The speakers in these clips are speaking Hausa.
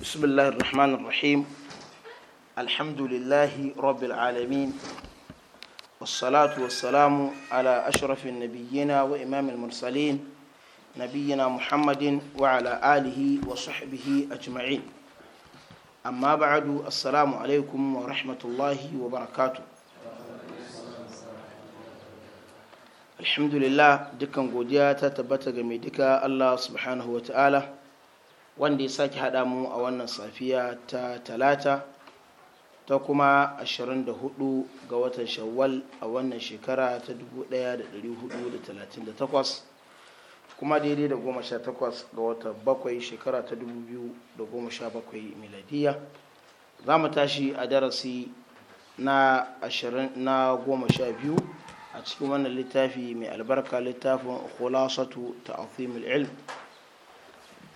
بسم الله الرحمن الرحيم الحمد لله رب العالمين والصلاة والسلام على أشرف النبيين وإمام المرسلين نبينا محمد وعلى آله وصحبه أجمعين أما بعد السلام عليكم ورحمة الله وبركاته الحمد لله دكان قوديا تتبتغ ميدكا الله سبحانه وتعالى wanda ya sake haɗa mu a wannan safiya ta talata ta kuma 24 ga watan shawwal a wannan shekara ta 1438 kuma daidai da 18 ga watan bakwai shekara ta 2017 miladiya za mu tashi a darasi na 12 a cikin wannan littafi mai albarka littafin khulasatu ta ilm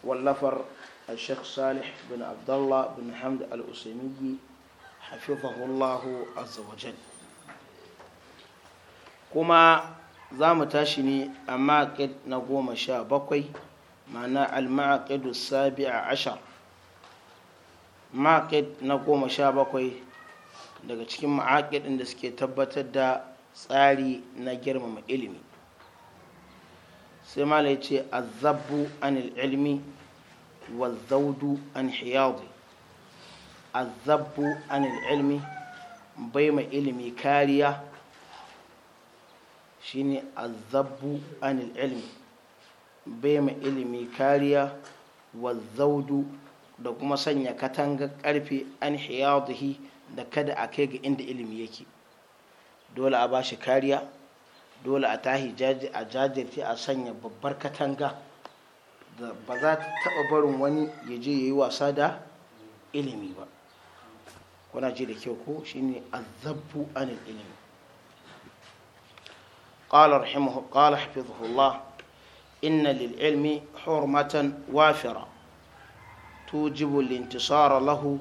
واللفر الشيخ صالح بن عبد الله بن حمد الأسيمي حفظه الله عز وجل كما زام تاشني أماكد نقوم شابقي معنى المعقد السابع عشر معقد نقوم شابقي daga cikin ma'aƙidin da suke tabbatar da tsari na girmama ilimi sai ma ya ce azabbu an ilmi zaudu an hiyadu azabbu an ilmi bai ma ilimi kariya shi ne azabbu an ilmi bai ma ilimi kariya wa zaudu da kuma sanya katanga karfe an hiyaduhi da kada a kai ga inda ilimi yake dole a ba shi kariya dole a tahi a jajirce a sanya babbar katanga da ba za ta taɓa barin wani ya je ya yi wasa da ilimi ba kuna ji da kyau ko shine azabbu an ilimi قال رحمه قال حفظه الله إن للعلم حرمة وافرة توجب الانتصار له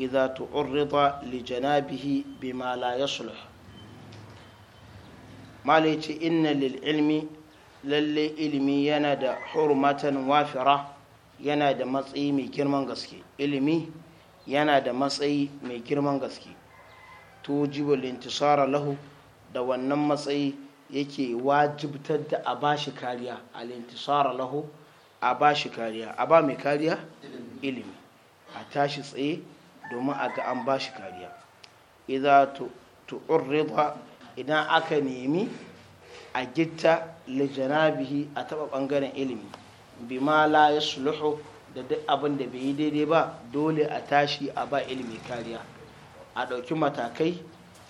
إذا تعرض لجنابه بما لا يصلح malai ce inna lil ilmi lalle ilimi yana da hurmatan wafira yana da matsayi mai girman gaske ilimi yana da matsayi mai girman gaske to jibul intisara lahu da wannan matsayi yake wajibtar da a bashi kariya al intisara lahu a bashi kariya a ba mai kariya ilimi a tashi tsaye domin a ga an bashi kariya idza tu'rida idan aka nemi a gitta lijanabihi a taɓa ɓangaren ilimi bima la ya suluhu da duk abin da bai yi daidai ba dole a tashi a ba ilimi kariya a ɗauki matakai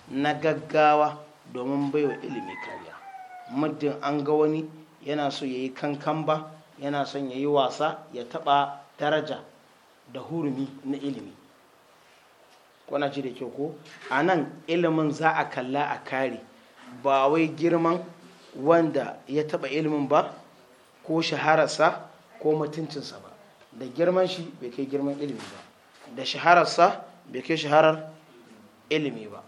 na gaggawa domin baiwa ilimi kariya muddin an ga wani yana so ya yi kankan ba yana son ya yi wasa ya taɓa daraja da hurumi na ilimi wana ji da ke ko a nan ilimin za a kalla a kare ba wai girman wanda ya taba ilimin ba ko shahararsa ko mutuncinsa ba da girman shi bai kai girman ilimi ba da shahararsa bai kai shaharar ilimi ba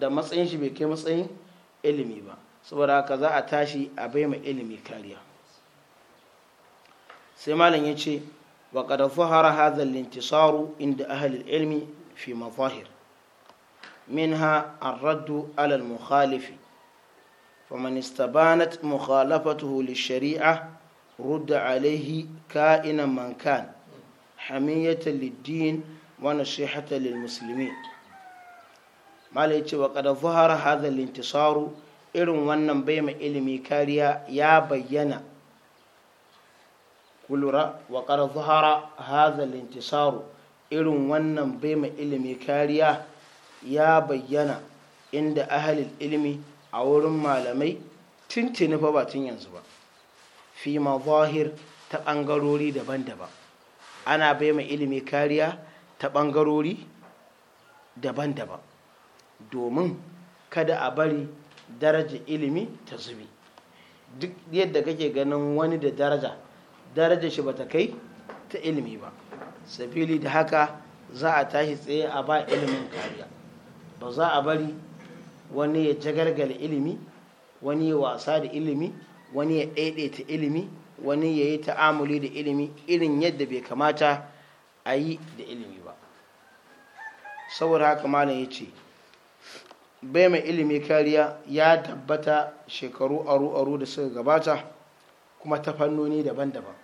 da matsayin shi bai kai matsayin ilimi ba saboda haka za a tashi a bai ma ilimi kariya sai malam ya ce wa kadafu zahara hazan lintisaru inda ahalil ilmi في مظاهر منها الرد على المخالف فمن استبانت مخالفته للشريعة رد عليه كائنا من كان حمية للدين ونصيحة للمسلمين ما ليتي وقد ظهر هذا الانتصار إرن ونن بيم إلمي كاريا يا بينا كل وقد ظهر هذا الانتصار irin wannan bai ma ilimi kariya ya bayyana inda ahalil ilimi a wurin malamai tuntuni fa ba tun yanzu ba fi mazahir ta ɓangarori daban-daban ana bai ma ilimi kariya ta ɓangarori daban-daban domin kada a bari daraja ilimi ta zubi duk yadda kake ganin wani da daraja daraja shi ba ta kai ta ilimi ba sabili da haka za a tashi tsaye a ba ilimin kariya ba za a bari wani ya jagalgala ilimi wani ya wasa da ilimi wani ya ɗaiɗaita ilimi wani ya yi ta'amuli da ilimi irin yadda bai kamata a yi da ilimi ba saboda haka malam ya ce bai mai ilimi kariya ya tabbata shekaru aru-aru da suka gabata kuma ta fannoni daban-daban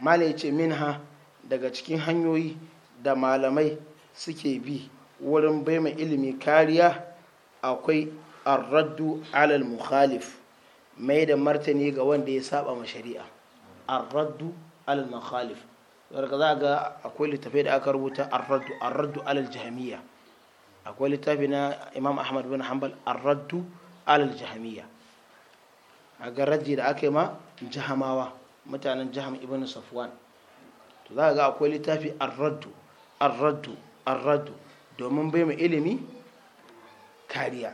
malam yace min ha. daga cikin hanyoyi da malamai suke bi wurin baima ilimi kariya akwai arraddu alal mukhalif mai da martani ga wanda ya saba ma shari'a arraddu alal mukhalif daga za ga akwai littafi da aka rubuta arraddu arraddu alal jahamiya akwai littafi na imam ahmad bin hanbal arraddu alal jahamiya a garaji da aka yi ma jahamawa mutanen jaham ibn safwan to za ga akwai littafi arraddu arraddu arraddu domin bai mai ilimi kariya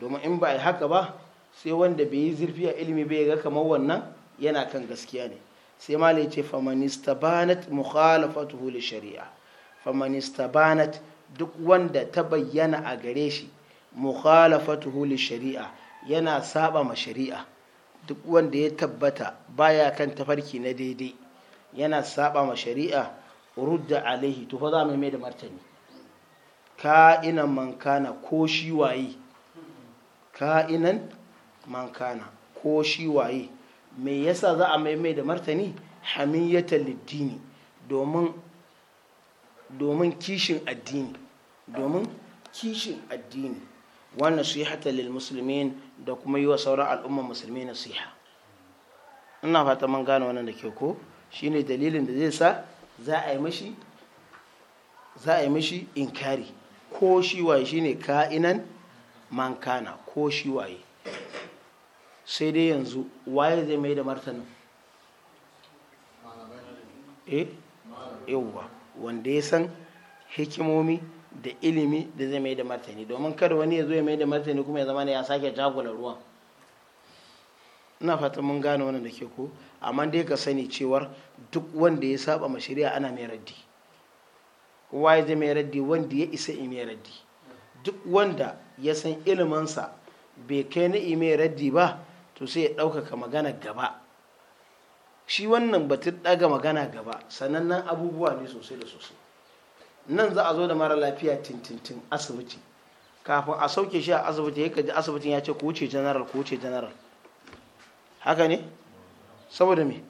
domin in ba a yi haka ba sai wanda bai yi zirfi a ilimi bai ga kamar wannan yana kan gaskiya ne sai ma malai ce banat mukhalafatu huli shari'a banat duk wanda ta bayyana a gare shi mukhalafatu huli shari'a yana saba ma shari'a duk wanda ya tabbata baya kan tafarki na daidai yana saba ma shari'a rudda alaihi to fa za mu mai da martani ka'inan mankana ko shi waye ka'inan mankana ko shi waye me yasa za a mai mai da martani hamiyatar lidini domin domin kishin addini domin kishin addini wannan yi lil musulmin da kuma yi wa sauran al'ummar musulmi nasiha ina fata man gane wannan da ke ko shine dalilin da zai sa za a yi mashi za a yi mashi inkari ko shi waye shine ka'inan mankana ko shi waye sai dai yanzu waye zai mai da martanin eh yauwa wanda ya san hikimomi da ilimi da zai mai da martani domin kada wani ya zo ya mai da martani kuma ya zama ne ya sake jagular ruwan ina fata mun gane wannan da ke ko amma dai ka sani cewar duk wanda ya saba ma shari'a ana mai raddi kowa ya mai raddi wanda ya isa i mai raddi duk wanda ya san ilimansa bai kai na i mai raddi ba to sai ya ɗaukaka magana gaba shi wannan batun ɗaga magana gaba sanannen abubuwa ne sosai da sosai nan za a zo da mara lafiya tintintin asibiti kafin a sauke shi a asibiti ya ji asibitin ya ce ku wuce janaral ku wuce janaral haka ne saboda me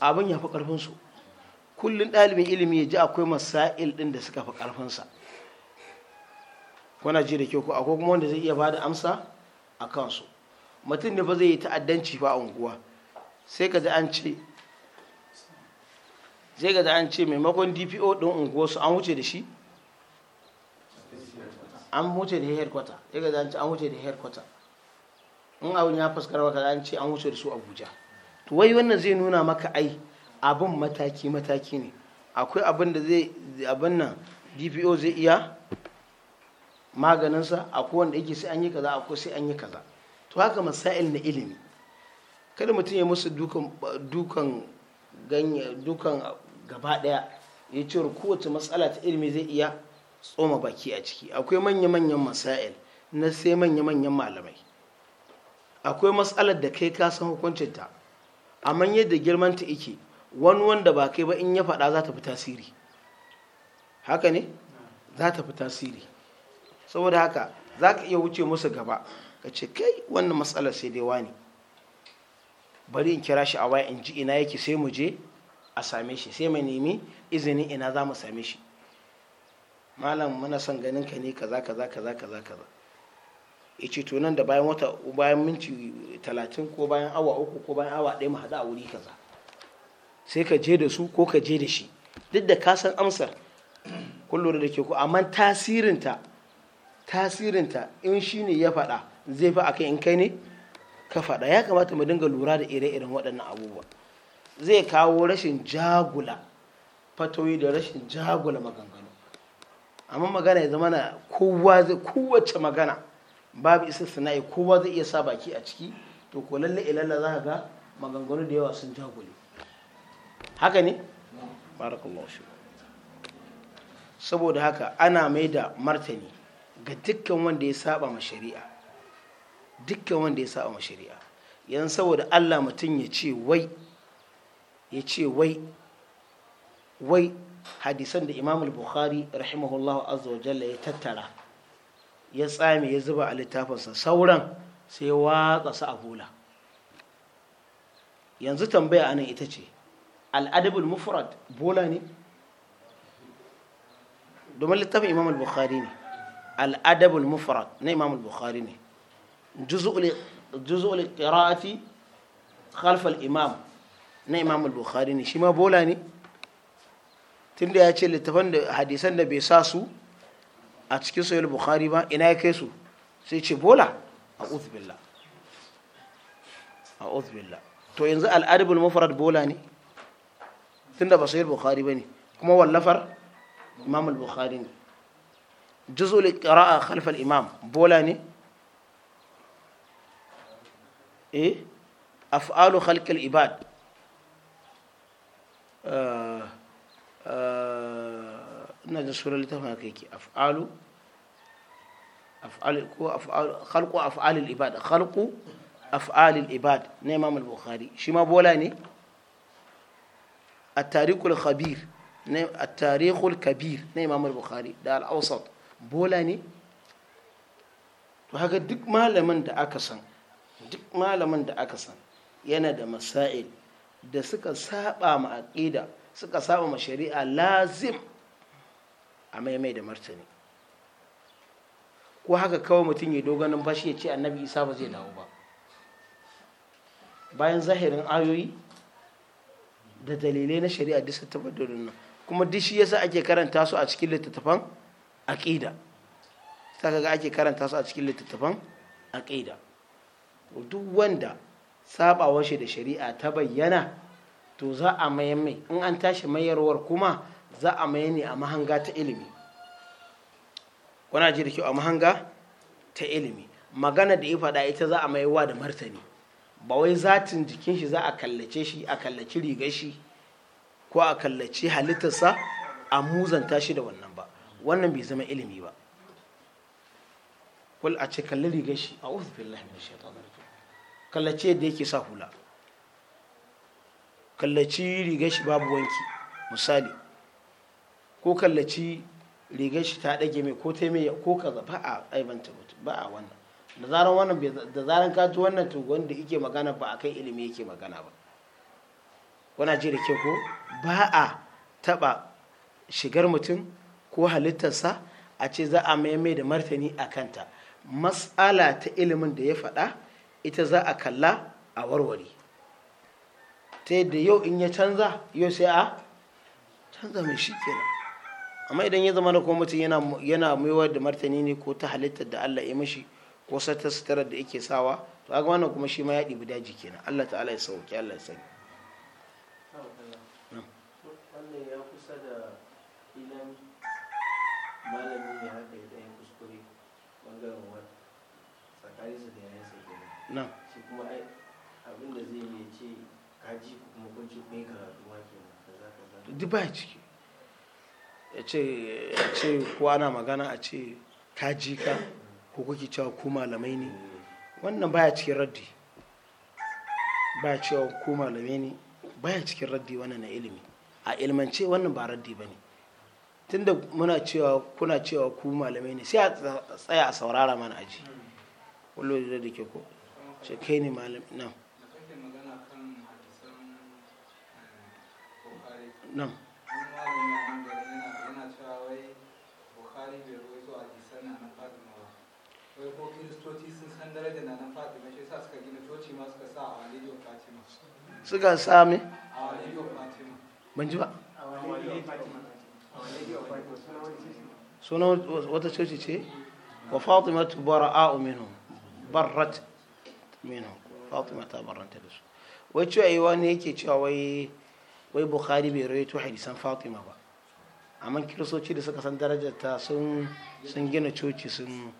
abin ya fi ƙarfinsu kullum ɗalibin ilimi ya ji akwai masail ɗin da suka fi ƙarfinsa kuna ji da ke ko akwai kuma wanda zai iya bada amsa a kansu mutum ne ba zai yi ta'addanci ba a unguwa sai ka ji an ce sai ka ji an ce maimakon dpo ɗin su an wuce da shi an wuce da headquarter sai ka ji an ce an wuce da headquarter in abin ya fuskar maka an ce an wuce da su abuja to wai wannan zai nuna maka ai abin mataki mataki ne akwai abin da zai abin nan dpo zai iya maganinsa akwai wanda yake sai an yi kaza akwai sai an yi kaza to haka masail na ilimi kada mutum ya musu dukan dukan ganye dukan gaba daya ya ce kowace matsala ta ilimi zai iya tsoma baki a ciki akwai manya-manyan masail na sai manya-manyan malamai akwai matsalar da kai ka san hukuncinta amma yadda girmanta ike wani wanda ba kai ba in ya faɗa za ta fi tasiri haka ne za ta fi tasiri saboda haka za ka iya wuce musu gaba ka ce kai wannan matsalar sai dai wani bari in kira shi a waya in ji ina yake sai mu je a same shi sai mai nemi izinin ina za mu same shi malam muna son ganin ka ne kaza kaza kaza kaza kaza ya ce to nan da bayan wata bayan minti talatin ko bayan awa uku ko bayan awa ɗaya mu haɗu a wuri kaza sai ka je da su ko ka je da shi duk da ka san amsar kullum da ke ku amma tasirinta tasirinta in shi ne ya faɗa zai fi akai in kai ne ka faɗa ya kamata mu dinga lura da ire-iren waɗannan abubuwa zai kawo rashin jagula fatoyi da rashin jagula maganganu amma magana ya zama na kowace magana babu isa istisna'i kowa zai iya sa baki a ciki to ko lalle ilalla za ga maganganu da yawa sun jagule haka ne barakallahu shi saboda haka ana mai da martani ga dukkan wanda ya saba ma shari'a dukkan wanda ya saba ma shari'a yan saboda Allah mutum ya ce wai ya ce wai wai hadisan da Imam bukhari rahimahullahu azza wa ya tattara ya tsame ya zuba a littafinsa sauran sai ya watsa su a bola yanzu tambaya anan ita ce al'adabul mufrad bola ne domin littafin imam al-bukhari ne al'adabul mufrad na imam al-bukhari ne juz'ul qira'ati khalf al-imam na imam al-bukhari ne shi ma bola ne tunda ya ce littafin da hadisan da bai sa su a cikin sahih bukhari ba ina ya kai su sai ce bola a billah a billah to yanzu al'adabul mufrad bola ne tun da ba sahih bukhari bane kuma wallafar imam al-bukhari ne juz'ul qira'a khalf imam bola ne eh af'alu khalq al-ibad ah, ina jin surar littafin haka yake af'alu af'al ko af'al khalqu af'alil ibad khalqu af'alil ibad na Imam al-Bukhari shi ma bola ne at-tariqul khabir ne at-tariqul kabir na Imam al-Bukhari da al-awsat bola ne to haka duk malamin da aka san duk malamin da aka san yana da masail da suka saba ma aqida suka saba ma shari'a lazim a maimai da martani ko haka kawai mutum ya doganin bashi ya ce annabi isa ba zai dawo ba bayan zahirin ayoyi da dalilai na shari'a duk tabbatar nan kuma duk shi yasa ake karanta su a cikin littattafan aqida ta kaga ake karanta su a cikin littattafan aqida duk wanda sabawar shi da shari'a ta bayyana to za a mayan mai in an tashi mayarwar kuma za a maye ne a mahanga ta ilimi kuna ji da kyau a mahanga ta ilimi magana da ya faɗa ita za a mai da martani ba wai zatin jikin shi za a kallace shi a kallaci rigar shi ko a kallaci halittarsa a muzanta shi da wannan ba wannan bai zama ilimi ba kul a ce kalli rigar shi a wasu billahi min shaitan kallace yadda yake sa hula kallaci rigar shi babu wanki misali ko kallaci rigar shi ta ɗage mai ko ta mai ko kaza ba a aibanta mutum ba a wannan da zaran wannan da zaran ka ji wannan to wanda yake magana ba a kai ilimi yake magana ba wana ji da ke ko ba a taɓa shigar mutum ko halittarsa a ce za a maimai da martani a kanta matsala ta ilimin da ya faɗa ita za a kalla a warware ta yadda yau in ya canza yau sai a canza mai shi kenan amma idan ya zama na kuma mutum yana maiwa da martani ne ko ta halittar da Allah ya mishi ko sata sutarar da yake sawa to ga wannan kuma shi ma ya ɗibi daji kenan Allah ta'ala ya sauke Allah ya sani wannan zai kaji kuma kun duk ba ciki ya ce ko ana magana a ce ka ji ka ko kuke cewa ku malamai ne wannan baya cikin raddi baya cewa ku malamai ne baya cikin raddi wannan na ilimi a ilmance wannan ba raddi ba ne tunda muna cewa kuna cewa ku malamai ne sai a tsaya a saurara mana aji wallo da da ke ko ce kai ne malam nan nan suka sami ban ji ba suna wata coci ce wa fatima tu a minhu barrat minu fatima ta barranta da su wai cewa yi wani yake cewa wai wai bukhari bai rawaito hadisan fatima ba amma kirisoci da suka san darajarta sun gina coci sun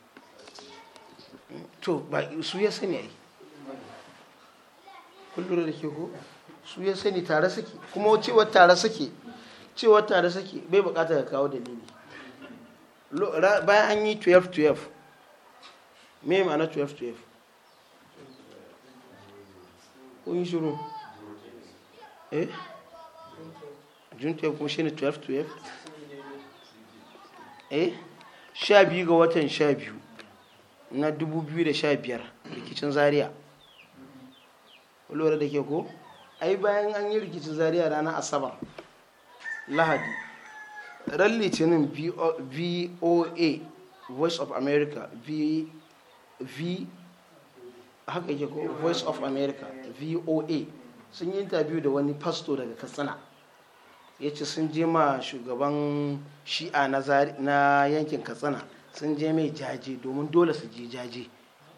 to ba su ya sani ai kullum da ke ko su ya sani tare suke kuma cewa tare suke cewa tare suke bai bukata ka kawo dalili bayan an yi 12-12 me ma'ana 12-12 kun yi shuru eh jun 12 kuma shi ne 12-12 eh sha biyu ga watan sha biyu na 2015 rikicin zaria lura da ke ko ai bayan an yi rikicin zariya ranar asabar lahadi ran litinin voa voice of america v v haka yake ko voice of america voa sun yi interview da wani pasto daga katsina ya ce sun je ma shugaban shi'a na yankin katsina sun je mai jaje domin dole su je jaje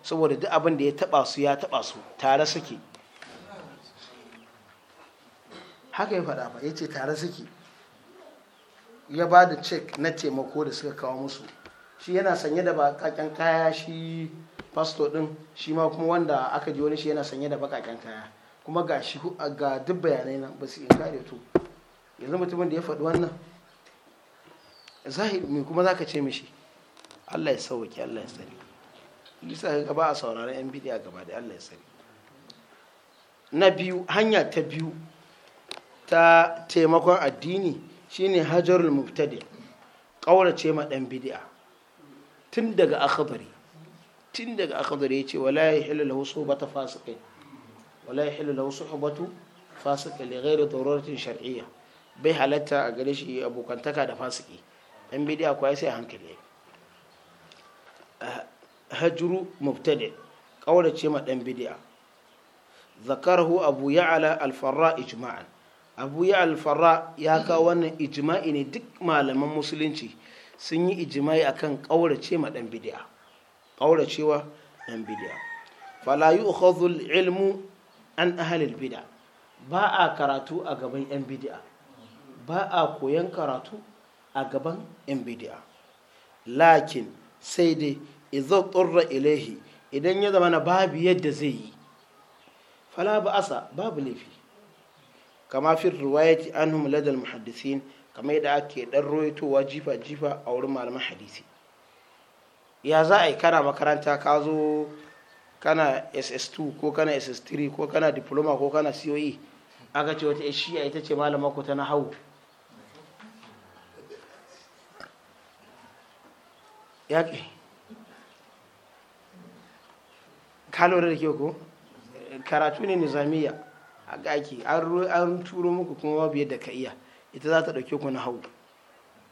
saboda duk abin da ya taba su ya taba su tare suke haka ya faɗa ba ya ce tare suke ya ba da cek na taimako da suka kawo musu shi yana sanye da bakaken kaya shi fasto din shi ma kuma wanda aka ji wani shi yana sanye da bakaken kaya kuma ga shi ga duk bayanai nan ba su yi kare to yanzu mutumin da ya faɗi wannan zahiri me kuma ka ce mishi Allah ya sauke Allah ya sani bisa gaba a sauraron yan bidiya gaba da Allah ya sani na biyu hanya ta biyu ta taimakon addini shine hajarul mubtadi ƙaurace ma ɗan bid'a tun daga akhbari tun daga akhbari yace wala yahillu lahu suhbatu fasiqin wala yahillu lahu suhbatu fasiqin li ghairi daruratin shar'iyya bai halatta a gare shi abokantaka da fasiki ɗan bid'a kuwa sai hankali hajru mubtadi ƙaurace ma ɗan bid'a zakarahu abu ya'ala al-farra ijma'an abu ya alfara ya kawo wannan ijima'i ne duk malaman musulunci sun yi ijima'i akan kaurace ma dan bid'a kauracewa dan bid'a fala yu'khadhu ilmu an ahli bid'a ba a karatu a gaban yan bida, ba a koyan karatu a gaban yan bida. lakin sai dai idza turra ilaihi idan ya zama na babu yadda zai yi fala ba asa babu laifi kama fi riwayati anhum ladal muhaddisin kamar yadda ake dan roitowa jifa jifa a wurin malaman hadisi ya za a yi kana makaranta ka zo kana ss2 ko kana ss3 ko kana diploma ko kana coe aka ce wata a ita ce malama ku ta na hau ke ka lura da ke ko karatu ne nizamiya haka ake an turo muku kuma babu yadda ka iya ita za ta ɗauke ku na hau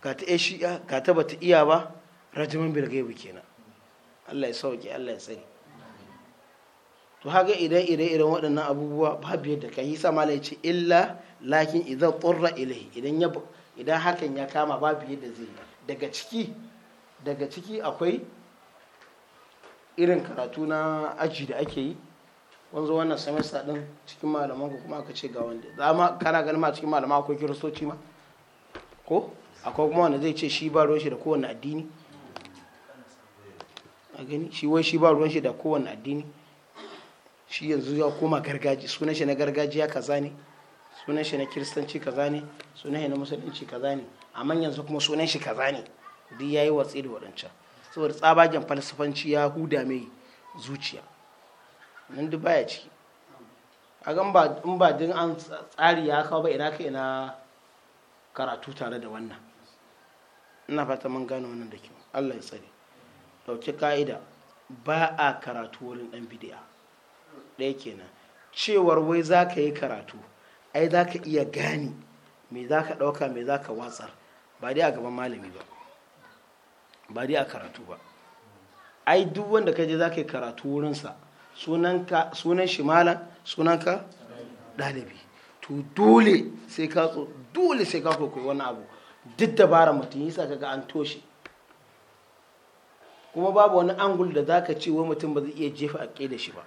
ga ta shi'a ga ta bata iya ba rajiman bilgaibu kenan Allah ya sauke Allah ya tsare to haka idan ire iren waɗannan abubuwa babu yadda ka yi sama la ce illa lakin idza turra ilai idan ya idan hakan ya kama babu yadda zai daga ciki daga ciki akwai irin karatu na aji da ake yi kun zo wannan semester din cikin malaman ku kuma aka ce ga wanda za ma kana ganin ma cikin malaman akwai kiristoci ma ko akwai kuma wanda zai ce shi ba ruwan shi da kowanne addini a gani shi wai shi ba ruwan shi da kowanne addini shi yanzu ya koma gargaji sunan shi na gargajiya kaza ne sunan shi na kiristanci kaza ne sunan shi na musulunci kaza ne amma yanzu kuma sunan shi kaza ne duk yayi watsi da wadancan saboda tsabagen falsafanci ya huda mai zuciya nan duk baya ciki a gan ba in ba din an tsari ya kawo ba ina ka ina karatu tare da wannan ina fata mun gane wannan da kyau Allah ya tsare dauki ka'ida ba a karatu wurin dan da ɗaya kenan cewar wai za ka yi karatu ai za ka iya gane me za ka ɗauka me za ka watsar ba dai a gaban malami ba ba dai a karatu ba ai duk wanda ka je za ka yi karatu wurinsa sunan shi malam sunanka ɗalibi to dole sai ka tso dole sai ka koko wani abu duk dabara mutum yasa kaga an toshe kuma babu wani angul da zaka ce wa mutum ba zai iya jefa a da shi ba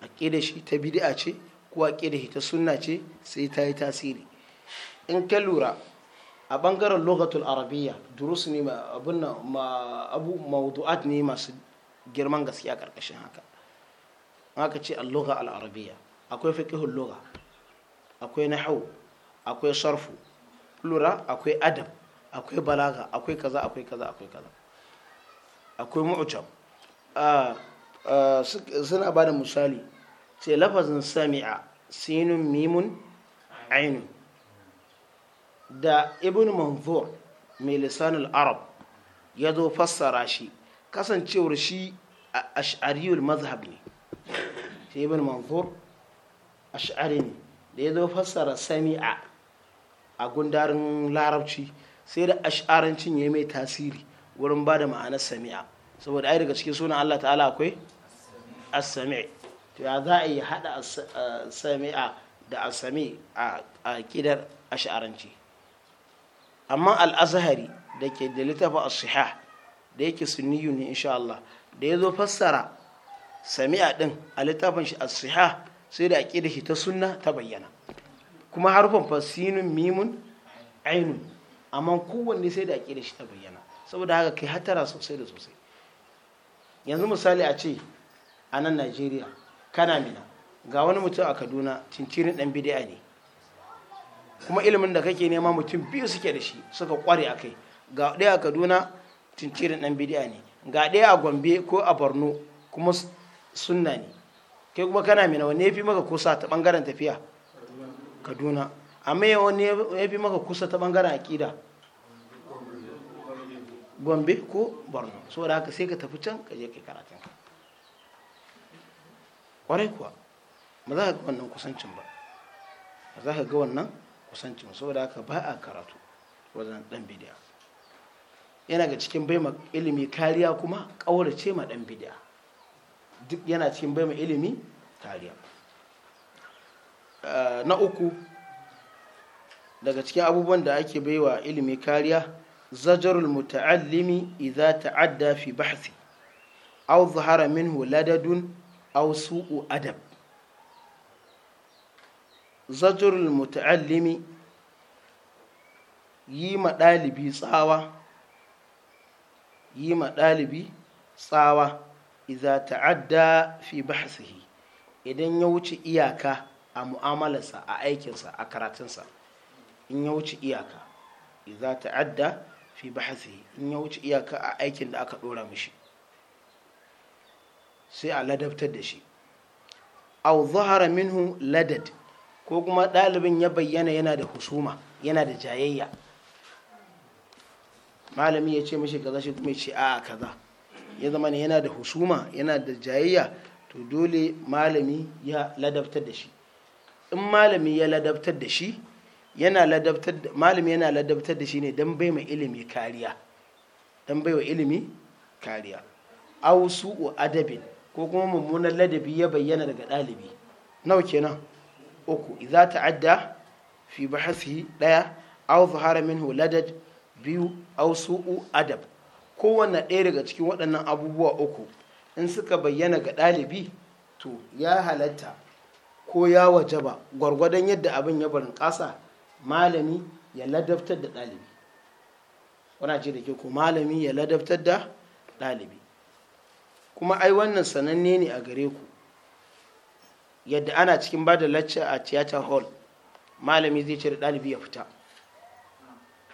a da shi ta a ce ko a da shi ta sunna ce sai ta yi tasiri in ka lura a bangaren lokacin arabiya durus ne ma abu mawdu'at ne masu girman gaske a ƙarƙashin haka aka ce al alarabiya akwai fiqhul lugha akwai nahwu akwai sarfu lura akwai adab akwai balaga akwai kaza akwai kaza akwai kaza akwai mu'jam ah, ah, suna ba da misali ce lafazin sami'a sinun mimun da ibn manzur mai lisanin arab ya zo fassara shi kasancewar shi a ash'ariyul mazhab ne sai ibn manzur ash'ari ne da ya zo fassara sami'a a gundarin larabci sai da ash'arancin ya mai tasiri wurin ba da ma'anar sami'a saboda ai daga cikin sunan Allah ta'ala akwai as-sami' to ya za a yi hada samia da asami sami a kidar ash'aranci amma al da ke da littafin as-sihah da yake sunniyu ne insha Allah da ya zo fassara sami'a din a littafin shi a siha sai da aqida shi ta sunna ta bayyana kuma harfan fasinun mimun ainun amma kowanne sai da aqida shi ta bayyana saboda haka kai hatara sosai da sosai yanzu misali a ce a nan Najeriya kana mina ga wani mutum a Kaduna cincirin dan bid'a ne kuma ilimin da kake nema mutum biyu suke da shi suka kware a kai ga ɗaya a kaduna cincirin ɗan bidiya ne ga ɗaya a gombe ko a borno kuma sunna ne kai kuma kana mina wani ya fi maka kusa ta bangaren tafiya kaduna amma ya wani ya fi maka kusa ta bangaren akida gombe ko borno saboda haka sai ka tafi can ka je kai karatun ka kwarai kuwa ba za ka ga wannan kusancin ba ba za ka ga wannan kusancin saboda haka ba a karatu wajen dan bidiya yana ga cikin bai ilimi kariya kuma ƙaurace ma dan bidiya duk yana cikin bai mai ilimi kariya eh, na uku daga cikin abubuwan da ake baiwa ilimi kariya zajarul muta'allimi idza ta'adda fi bahthi aw zahara minhu ladadun aw su'u adab zajarul muta'allimi yi ma dalibi tsawa yi ma ɗalibi tsawa iza ta'adda fi bahsihi idan ya wuce iyaka a mu'amalarsa a aikinsa a karatunsa in ya wuce iyaka iza ta'adda fi bahsihi in ya wuce iyaka a aikin da aka dora mishi sai a ladabtar da shi aw zahara minhu ladad ko kuma ɗalibin ya bayyana yana da husuma yana da jayayya malami ya ce mashi kaza shi kuma ya ce a kaza ya zama ne yana da husuma yana da jayayya to dole malami ya ladabtar da shi in malami ya ladabtar da shi yana ladabtar malami yana ladabtar da shi ne dan bai mai ilimi kariya dan bai wa ilimi kariya aw su'u adabin ko kuma mummunan ladabi ya bayyana daga ɗalibi nawa kenan uku idza ta'adda fi bahasi daya aw zahara minhu ladad biyu aw su'u adab kowane ɗaya daga cikin waɗannan abubuwa uku in suka bayyana ga ɗalibi to ya halatta ko ya waje ba gwargwadon yadda abin ya barin ƙasa malami ya ladabtar da ɗalibi wana ce da ke ko malami ya ladabtar da ɗalibi kuma ai wannan sananne ne a gare ku yadda ana cikin ba da lacca a theater hall malami zai ce da ɗalibi ya fita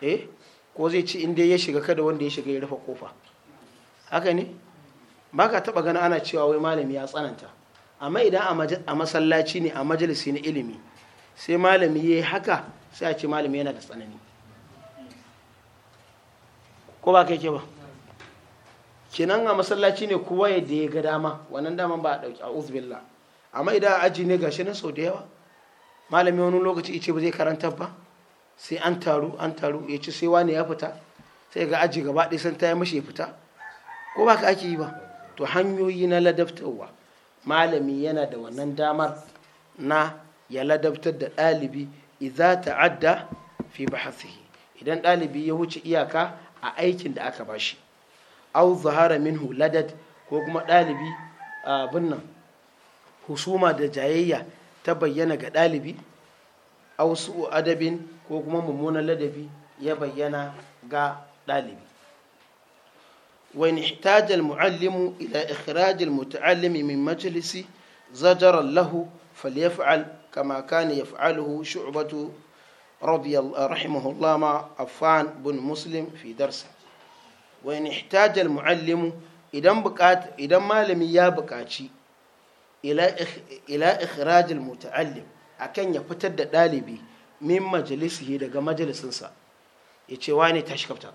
eh ko zai ci inda ya shiga kada wanda ya shiga ya rufe kofa haka ne ba ka taɓa gana ana cewa wai malami ya tsananta amma idan a masallaci ne a majalisi na ilimi sai malami ya yi haka sai a ce malami yana da tsanani ko ba kai ba kenan a masallaci ne kowa ya da ya ga dama wannan daman ba a ɗauki a uzbilla amma idan a aji ne gashi na sau da yawa malami wani lokaci ice ba zai karanta ba sai an taru an taru ya ci sai wani ya fita sai ga aji gaba ɗaya san taya mashi ya fita ko ba ka ake yi ba to hanyoyi na ladabtarwa malami yana da wannan damar na ya ladabtar da ɗalibi idza ta'adda fi bahasihi idan ɗalibi ya wuce iyaka a aikin da aka bashi au zahara min ladad ko kuma ɗalibi abin nan husuma da jayayya ta bayyana ga ɗalibi au su'u adabin ko kuma mummunan ladabi ya bayyana ga ɗalibi وإن احتاج المعلم إلى إخراج المتعلم من مجلس زجرا له فليفعل كما كان يفعله شعبة رضي الله رحمه الله مع عفان بن مسلم في درسه وإن احتاج المعلم إذا بقات إذا ما لم يبقاتي إلى إلى إخراج المتعلم أكن يفتد دالبي min majalisihi daga majalisinsa ya ce wani tashi kafta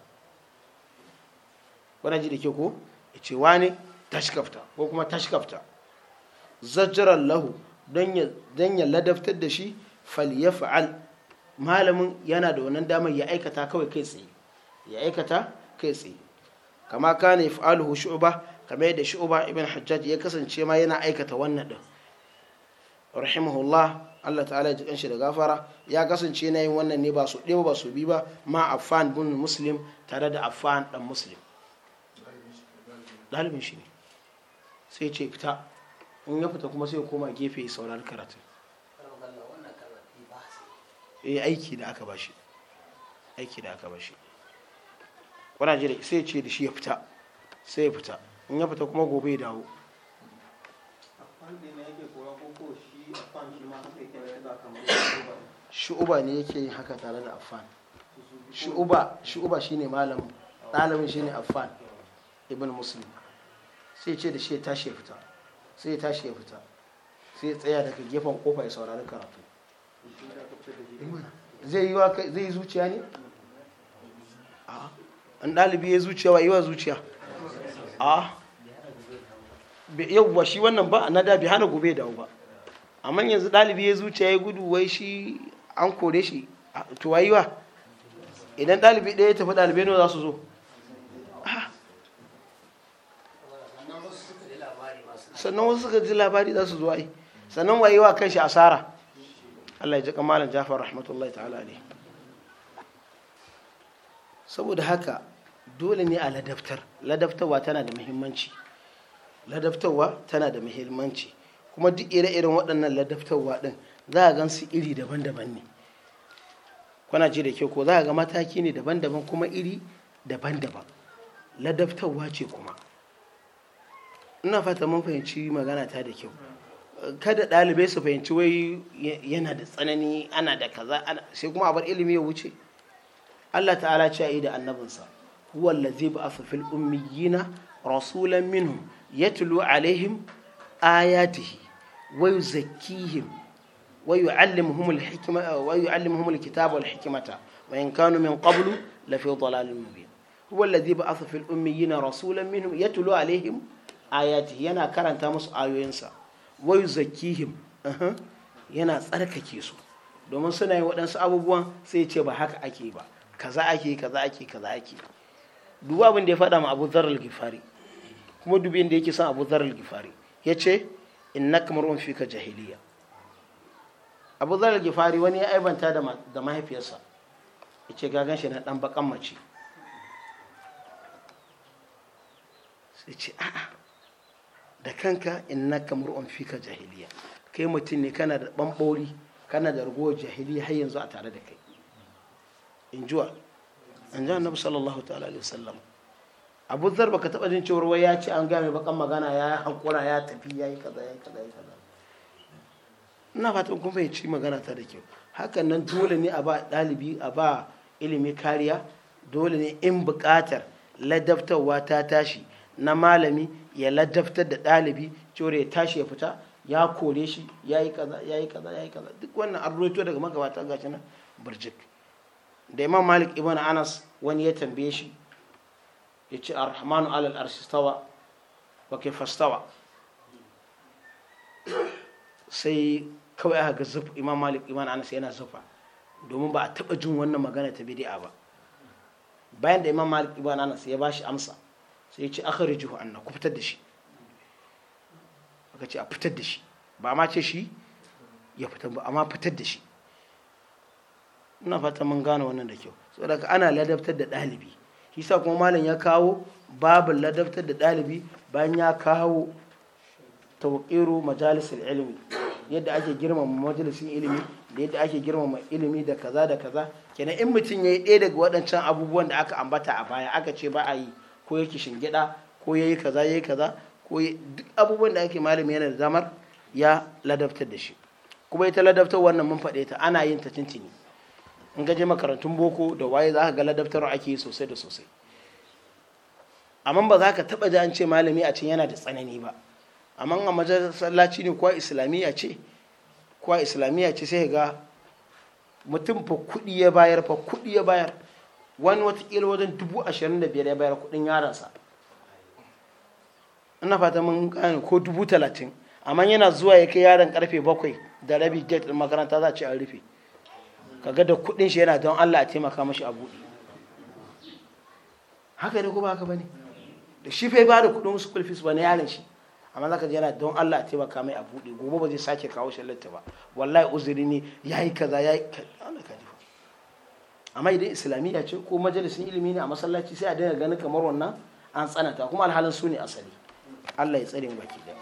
ji da ke ko ya ce wane tashi kafta ko kuma tashi kafta lahu don ya ladaftar da shi ya fa'al malamin yana da wannan damar ya aikata kawai kai tsaye ya aikata kai tsaye kama kana yaf'aluhu shu'ba kamar yadda shu'ba ibn hajjaji ya kasance ma yana aikata wannan din rahimahullah Allah ta'ala ya ji shi da gafara ya kasance na yin wannan ne ba su ɗaya ba su bi ba ma afan bin muslim tare da afan dan muslim ɗalibin shi ne sai ce fita in ya fita kuma sai koma gefe ya saurar karatu eh aiki da aka bashi aiki da aka bashi wannan jira sai ce da shi ya fita sai ya fita in ya fita kuma gobe ya dawo affan din yake koya ko ko shi shu'uba ne yake yin haka tare da affan shu'uba shu'uba shine malamin ɗalibin shine affan ibn muslim sai ce da shi ya tashi ya fita sai ya tashi ya fita sai ya tsaya daga gefen kofa ya saurari karatu zai yi zuciya ne an ɗalibi ya zuciya wa yiwa zuciya a yauwa shi wannan ba na da bi hana gobe dawo ba amma yanzu ɗalibi ya zuciya ya gudu wai shi an kore shi to wa idan ɗalibi ɗaya ya tafi dalibi ne za su zo sannan wasu suka ji labari za su zo ai sannan wayewa kan shi asara Allah ya ji kamalan jafar rahmatullahi ta'ala ne saboda haka dole ne a ladaftar ladaftarwa tana da muhimmanci ladaftarwa tana da muhimmanci kuma duk ire-iren waɗannan ladaftarwa ɗin za a gan su iri daban-daban ne kwana ji da ke ko za a ga mataki ne daban-daban kuma iri daban-daban ladaftarwa ce kuma ina fata mun fahimci magana ta da kyau kada ɗalibai su fahimci wai yana da tsanani ana da kaza sai kuma a bar ilimi ya wuce Allah ta'ala ce yi da annabinsa huwa allazi ba'atha fil ummiyina rasulan ya yatlu alaihim ayatihi wa yuzakkihim wa yu'allimuhum al-hikma wa yu'allimuhum al-kitaba wal hikmata min qablu la fi dhalalin mubin huwa alladhi ba'atha fil ummiyina rasulan minhum yatlu alaihim ayatihi yana karanta masu ayoyinsa wa yuzakkihim yana tsarkake su domin suna yi waɗansu abubuwan sai yace ba haka ake ba kaza duba abin da ya faɗa ma abu zarar gifari kuma dubi da yake son abu zarar gifari ya ce innaka mar'un fika jahiliya abu zarar gifari wani ya aibanta da mahaifiyarsa ya ce gagan shi na dan bakan mace sai ce a'a da kanka innaka mar'un fika jahiliya kai mutum ne kana da bambori kana da ragowar jahiliya har yanzu a tare da kai in jiwa an ji annabi sallallahu ta'ala alaihi wasallam abu zar baka taba jin cewar wai ya ce an gaya mai bakan magana ya hankura ya tafi ya yi kaza ya yi kaza ina fata ina fatan kun ci magana ta da kyau hakan nan dole ne a ba ɗalibi a ba ilimi kariya dole ne in buƙatar ladabtarwa ta tashi na malami ya ladabtar da ɗalibi cewar ya tashi ya fita ya kore shi ya yi kaza ya yi kaza ya yi kaza duk wannan an roto daga magabata gashi nan burjik da imam malik ibn anas wani ya tambaye shi ya ce arhamanu alal arshistawa wa kai fastawa sai kawai aka ga zuf imam malik imam anas yana zufa domin ba a taba jin wannan magana ta bid'a ba bayan da imam malik imam anas ya bashi amsa sai ya ce akhrijuhu anna ku fitar da shi aka ce a fitar da shi ba ma ce shi ya fitar ba amma fitar da shi ina fata mun gane wannan da kyau saboda ana ladabtar da ɗalibi kisa kuma malam ya kawo babu ladabtar da ɗalibi bayan ya kawo tawqiru majalisar ilimi yadda ake girmama majalisar ilimi da yadda ake girmama ilimi da kaza da kaza kenan in mutum ya yi ɗaya daga waɗancan abubuwan da aka ambata a baya aka ce ba a yi ko ya kishin shingida ko ya yi kaza ya yi kaza ko duk abubuwan da ake malami yana da damar ya ladabtar da shi kuma ita ladabtar wannan mun faɗe ta ana yin ta tintini in gaje makarantun boko da waye za ka ga ladabtarwa ake yi sosai da sosai amma ba za ka taba ji an ce malami a can yana da tsanani ba amma a masallaci ne kuwa islamiyya ce kuwa islamiyya ce sai ga mutum fa kuɗi ya bayar fa kuɗi ya bayar wani watakila wajen dubu ashirin da biyar ya bayar kuɗin yaransa ina fata mun gane ko dubu talatin amma yana zuwa ya kai yaron karfe bakwai da rabi gate makaranta za a ce an rufe kaga da kudin shi yana don Allah a taimaka mashi a buɗe haka ne ko ba haka bane da shi fa ba da kudin school fees ba na yaron shi amma zaka ji yana don Allah a taimaka mai a buɗe gobe ba zai sake kawo shi lalata ba wallahi uzuri ne yayi kaza yayi Allah ka ji amma idan islamiyya ce ko majalisin ilimi ne a masallaci sai a dinga ganin kamar wannan an tsananta kuma alhalin su ne asali Allah ya tsare mu baki da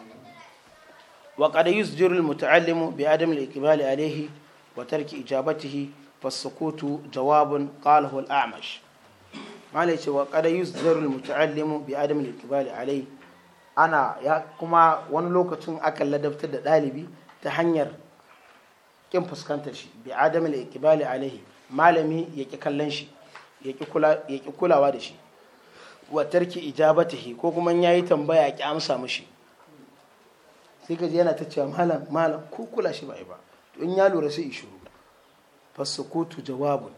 wa qad yusjiru al-muta'allimu bi adam al-iqbal alayhi وترك إجابته فالسكوت جواب قاله الأعمش malai wa kada yuzdarul muta'allimu bi adam al alai ana ya kuma wani lokacin akan ladabtar da ɗalibi ta hanyar kin fuskantar shi bi adam al alaihi malami ya ki ya ki kulawa da shi wa tarki ijabatihi ko kuma tambaya ki amsa sai yana ta cewa malam ko kula shi ba ba in ya lura sai shiru fasakutu jawabun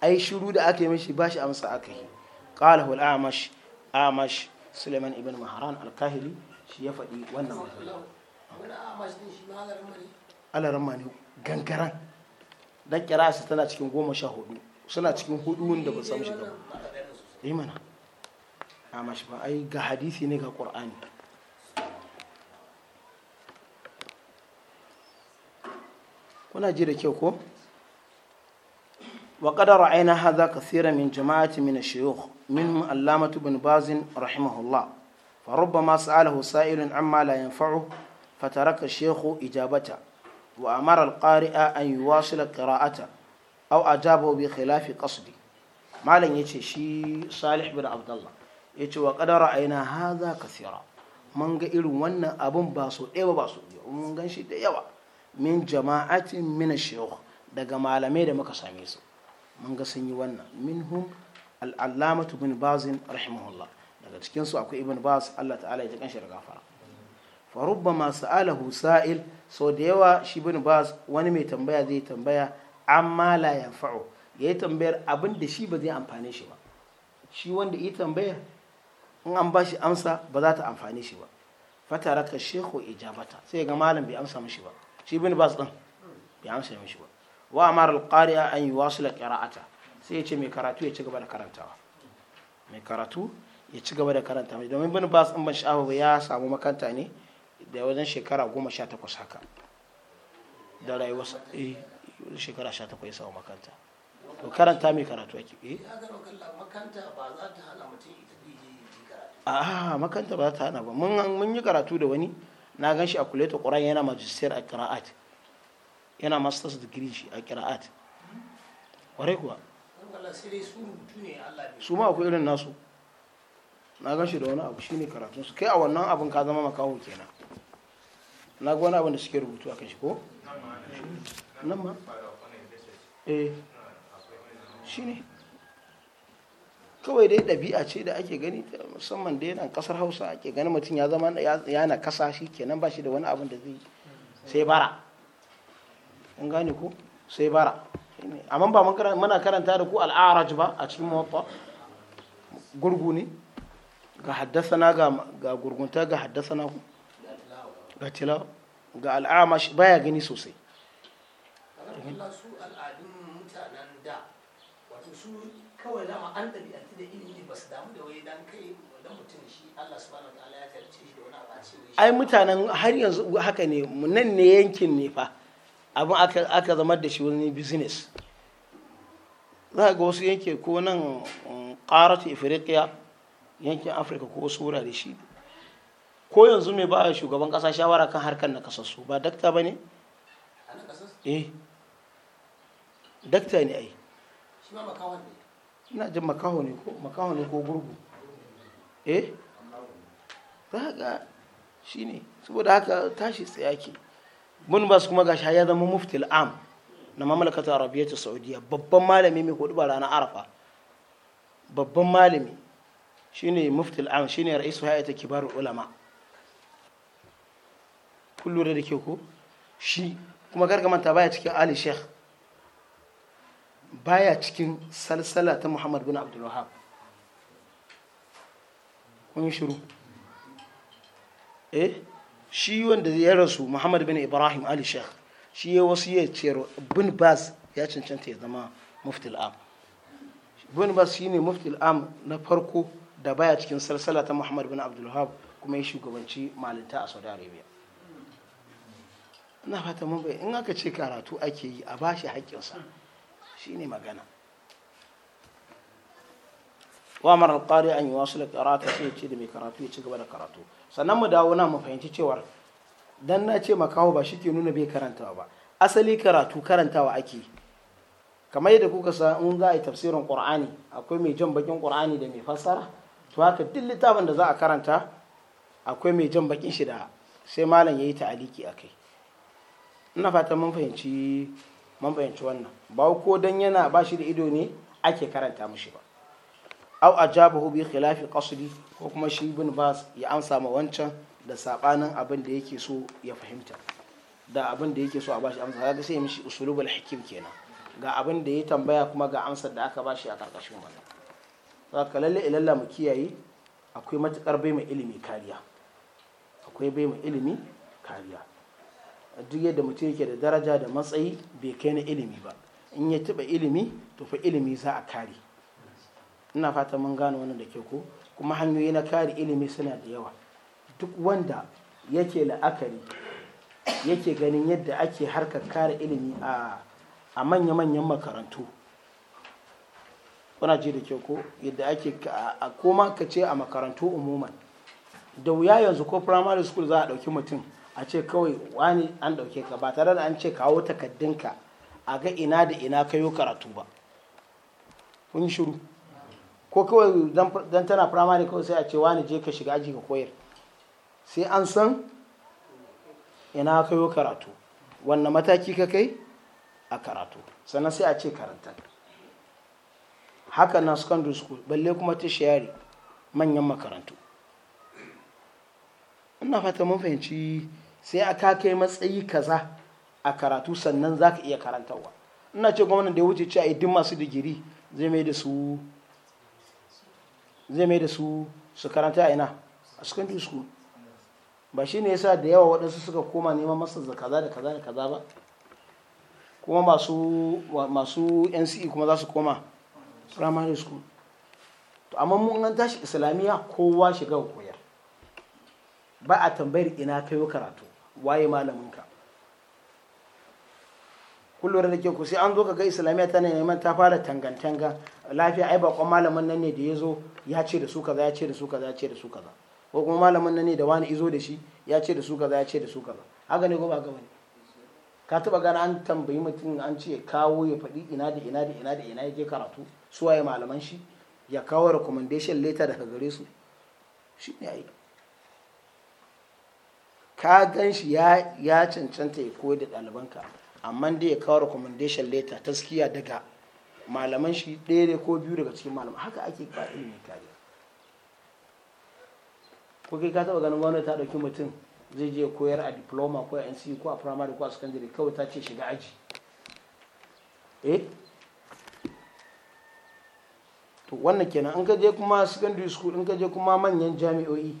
ai shiru da aka yi mishi ba shi amsa aka yi qala wal amash amash suleiman ibn maharan al-kahiri shi ya faɗi wannan ma ne gangaran dan kira'arsa tana cikin goma sha hudu suna cikin hudu da ba samu shiga ba yi mana amash ba ai ga hadisi ne ga qur'ani kuna ji da kyau ko wa qad ra'ayna ka kathira min jama'ati min ash min allamatu bin bazin rahimahullah fa rubbama sa'alahu sa'ilun amma la yanfa'u fataraka ash-shaykh ijabata wa amara al-qari'a an yuwasila qira'ata aw ajabahu bi khilafi qasdi malam yace shi salih bin abdullah yace wa qad ra'ayna hadha kathira mun ga irin wannan abun ba so ɗaya ba so mun gan shi da yawa min jama'atin min shayukh daga malamai da muka same su mun ga sun yi wannan minhum al-allamatu bin bazin rahimahullah daga cikin su akwai ibn baz Allah ta'ala ya ji kanshi da gafara fa rubbama sa'alahu sa'il so da yawa shi bin baz wani mai tambaya zai tambaya amma la yanfa'u yayi tambayar abin da shi ba zai amfane shi ba shi wanda yi tambayar in an ba shi amsa ba za ta amfane shi ba fataraka shehu ijabata sai ga malam bai amsa mishi ba shi bin bas din bai amsa mishi ba wa amara alqari'a an yuwasila qira'ata sai ya ce mai karatu ya ci gaba da karantawa mai karatu ya ci gaba da karanta mai domin bin bas din ban sha'awa ya samu makanta ne da wajen shekara goma sha takwas haka da rayuwarsa eh shekara sha takwas ya samu makanta to karanta mai karatu ake eh makanta ba za ta hana mutum ita a makanta ba za ta hana ba mun yi karatu da wani na gan shi a kuletu ƙuran yana majistar a ƙira'at yana masters degree shi a ƙira'at ƙwarai kuwa su ma akwai irin nasu na gan shi da wani abu shine karatun su kai a wannan abin ka zama makawo kenan na ga wani abin da suke rubutu a kan shi ko nan ma eh shine kawai dai ɗabi'a ce da ake gani musamman dai nan ƙasar hausa ake gani mutum ya zama ya na ƙasa shi kenan ba shi da wani abin da zai sai bara in gane ku sai bara amma ba muna karanta da ku al'araj ba a cikin mawafa gurgu ne ga haddasana ga gurgunta ga haddasana ku ga tilawa ga shi baya gani sosai su al'adun mutanen da wato su kawai dama an ɗabi'antu da ilimi ba su damu da wai dan kai dan mutum shi Allah subhanahu wataala ya tarce shi da wani abu a ce ai mutanen har yanzu haka ne nan ne yankin ne fa abin aka zama da shi wani business za ga wasu yanke ko nan karatu mm, ifirikiya yankin afirka ko wasu wurare shi ko yanzu mai ba shugaban kasa shawara kan harkar na kasassu ba dakta ba ne? eh dakta ne ai shi ma makawar ne ina jin makaho ne ko makaho ne ko gurgu eh za ga shi ne saboda haka tashi tsayaki mun ba su kuma ga shaya zama muftil am na mamlakatar arabiya ta saudiya babban malami mai hudu ba ranar arafa babban malami shine muftil am ne ra'isu ta kibarul ulama kun da ke ko shi kuma gargamanta baya cikin ali sheikh baya cikin salsala ta muhammad bin abdulwahab kun shiru eh shi wanda ya rasu muhammad bin ibrahim ali sheikh shi ya wasu ya ce bin bas ya cancanta ya zama muftil am bin bas shine muftil am na farko da baya cikin salsala ta muhammad bin abdulwahab kuma ya shugabanci malinta a saudi arabia ina fata mun bai in aka ce karatu ake yi a bashi haƙƙinsa shine magana wa mara alƙari an yi wasu da karatu sai ce da mai karatu ya ci gaba da karatu sannan mu dawo na mu fahimci cewar dan na ce makaho ba shi ke nuna bai karantawa ba asali karatu karantawa ake kamar yadda kuka sa in za a yi tafsirin ƙur'ani akwai mai jan bakin ƙur'ani da mai fassara to haka duk littafin da za a karanta akwai mai jan bakin shi da sai malam ya yi ta'aliki a kai ina fatan mun fahimci mun fahimci wannan ba ko dan yana ba shi da ido ne ake karanta mushi ba au ajabahu bi khilafi qasdi ko kuma shi ibn bas ya amsa ma wancan da sabanin abin da yake so ya fahimta da abin da yake so a bashi amsa ga sai mishi usulul hakim kenan ga abin da ya tambaya kuma ga amsar da aka bashi a karkashin wannan ka lalle ilalla mu kiyaye akwai matukar bai mai ilimi kariya akwai bai mai ilimi kariya duk yadda mutum yake da daraja da matsayi bai kai na ilimi ba in ya taɓa ilimi to fa ilimi za a kare ina fata mun gane wannan da ke ko kuma hanyoyi na kare ilimi suna da yawa duk wanda yake la'akari yake ganin yadda ake harkar kare ilimi a manya-manyan makarantu kuna ji da ke ko yadda ake koma ka ce a makarantu umuman da wuya yanzu ko firamare school za a ɗauki mutum a ce kawai wani an ɗauke ka ba tare da an ce kawo takaddinka a ga ina da ina ka yi karatu ba kun yi shiru ko kawai don tana firamare kawai sai a ce wani je ka shiga aji ka koyar sai an san ina ka yi karatu wannan mataki ka kai a karatu sannan sai a ce karanta haka na secondary school balle kuma ta shayari manyan makarantu ina fata mun fahimci sai aka kai matsayi kaza a karatu sannan za ka iya karantarwa ina ce gwamnan da ya wuce a idin masu digiri zai mai da su su karanta a ina a secondary school ba shi ne yasa da yawa waɗansu suka koma neman masu da kaza da kaza da kaza ba kuma masu NCE kuma za su koma primary school to amma mun an tashi islamiyya kowa shiga koyar ba a tambayar ina kai karatu waye malaminka kun da ke ku sai an zo kaga islamiyya tana neman ta fara tangantanga lafiya ai bakon malamin nan ne da ya zo ya ce da su kaza ya ce da su kaza ya ce da su kaza ko kuma malamin nan ne da wani izo da shi ya ce da su kaza ya ce da su kaza haka ne ko ba gaba ne ka taba gana an tambayi mutum an ce ya kawo ya faɗi ina da ina da ina da ina yake karatu su waye malaman shi ya kawo recommendation letter daga gare su shi ne ai ka gan shi ya cancanta ya koyi da ɗalibanka amma dai ya kawo recommendation letter taskiya daga malaman shi ɗaya ne ko biyu daga cikin malaman haka ake ba ilimin kariya ko kai ka taɓa ganin gwamnati ta ɗauki mutum zai je koyar a diploma ko a nc e ko a primary ko a secondary kawai ta ce shiga aji eh? to wannan kenan in ka je kuma secondary school in ka je kuma manyan jami'o'i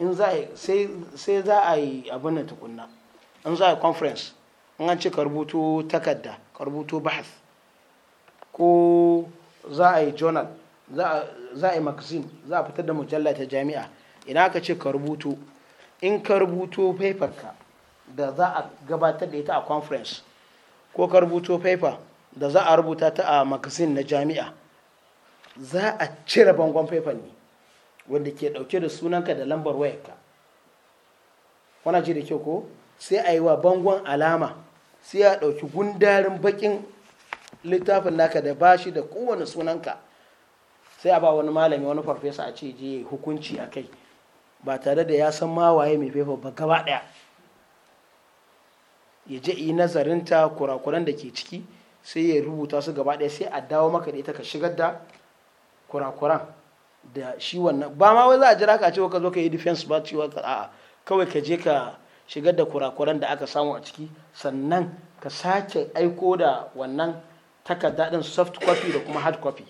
in sai za a yi abin tukunna in za a yi conference in an ce ka rubuto takarda ka bahas ko za a yi journal za a yi magazine za a fitar da mujalla ta jami'a ina ka ce ka rubutu in ka paper ka da za a gabatar da ita a conference ko ka paper da za a rubuta ta a magazine na jami'a za a cire bangon paper ne wanda ke dauke da sunanka da lambar wayarka wana ji da kyau ko sai a yi wa bangon alama sai a dauki gundarin bakin littafin naka da bashi da kowane sunanka sai a ba wani malami wani farfesa a ce je hukunci a kai ba tare da ya san ma waye mai fefa ba gaba ɗaya ya je yi ta kurakuran da ke ciki sai ya rubuta su gaba ɗaya sai a dawo maka da ita ka shigar da kurakuran da shi wannan ba ma wai za a jira ka cewa ka zo ka yi defense ba cewa ka a'a kawai ka je ka shigar da kurakuran da aka samu a ciki sannan ka sake aiko da wannan takarda din soft copy da kuma hard copy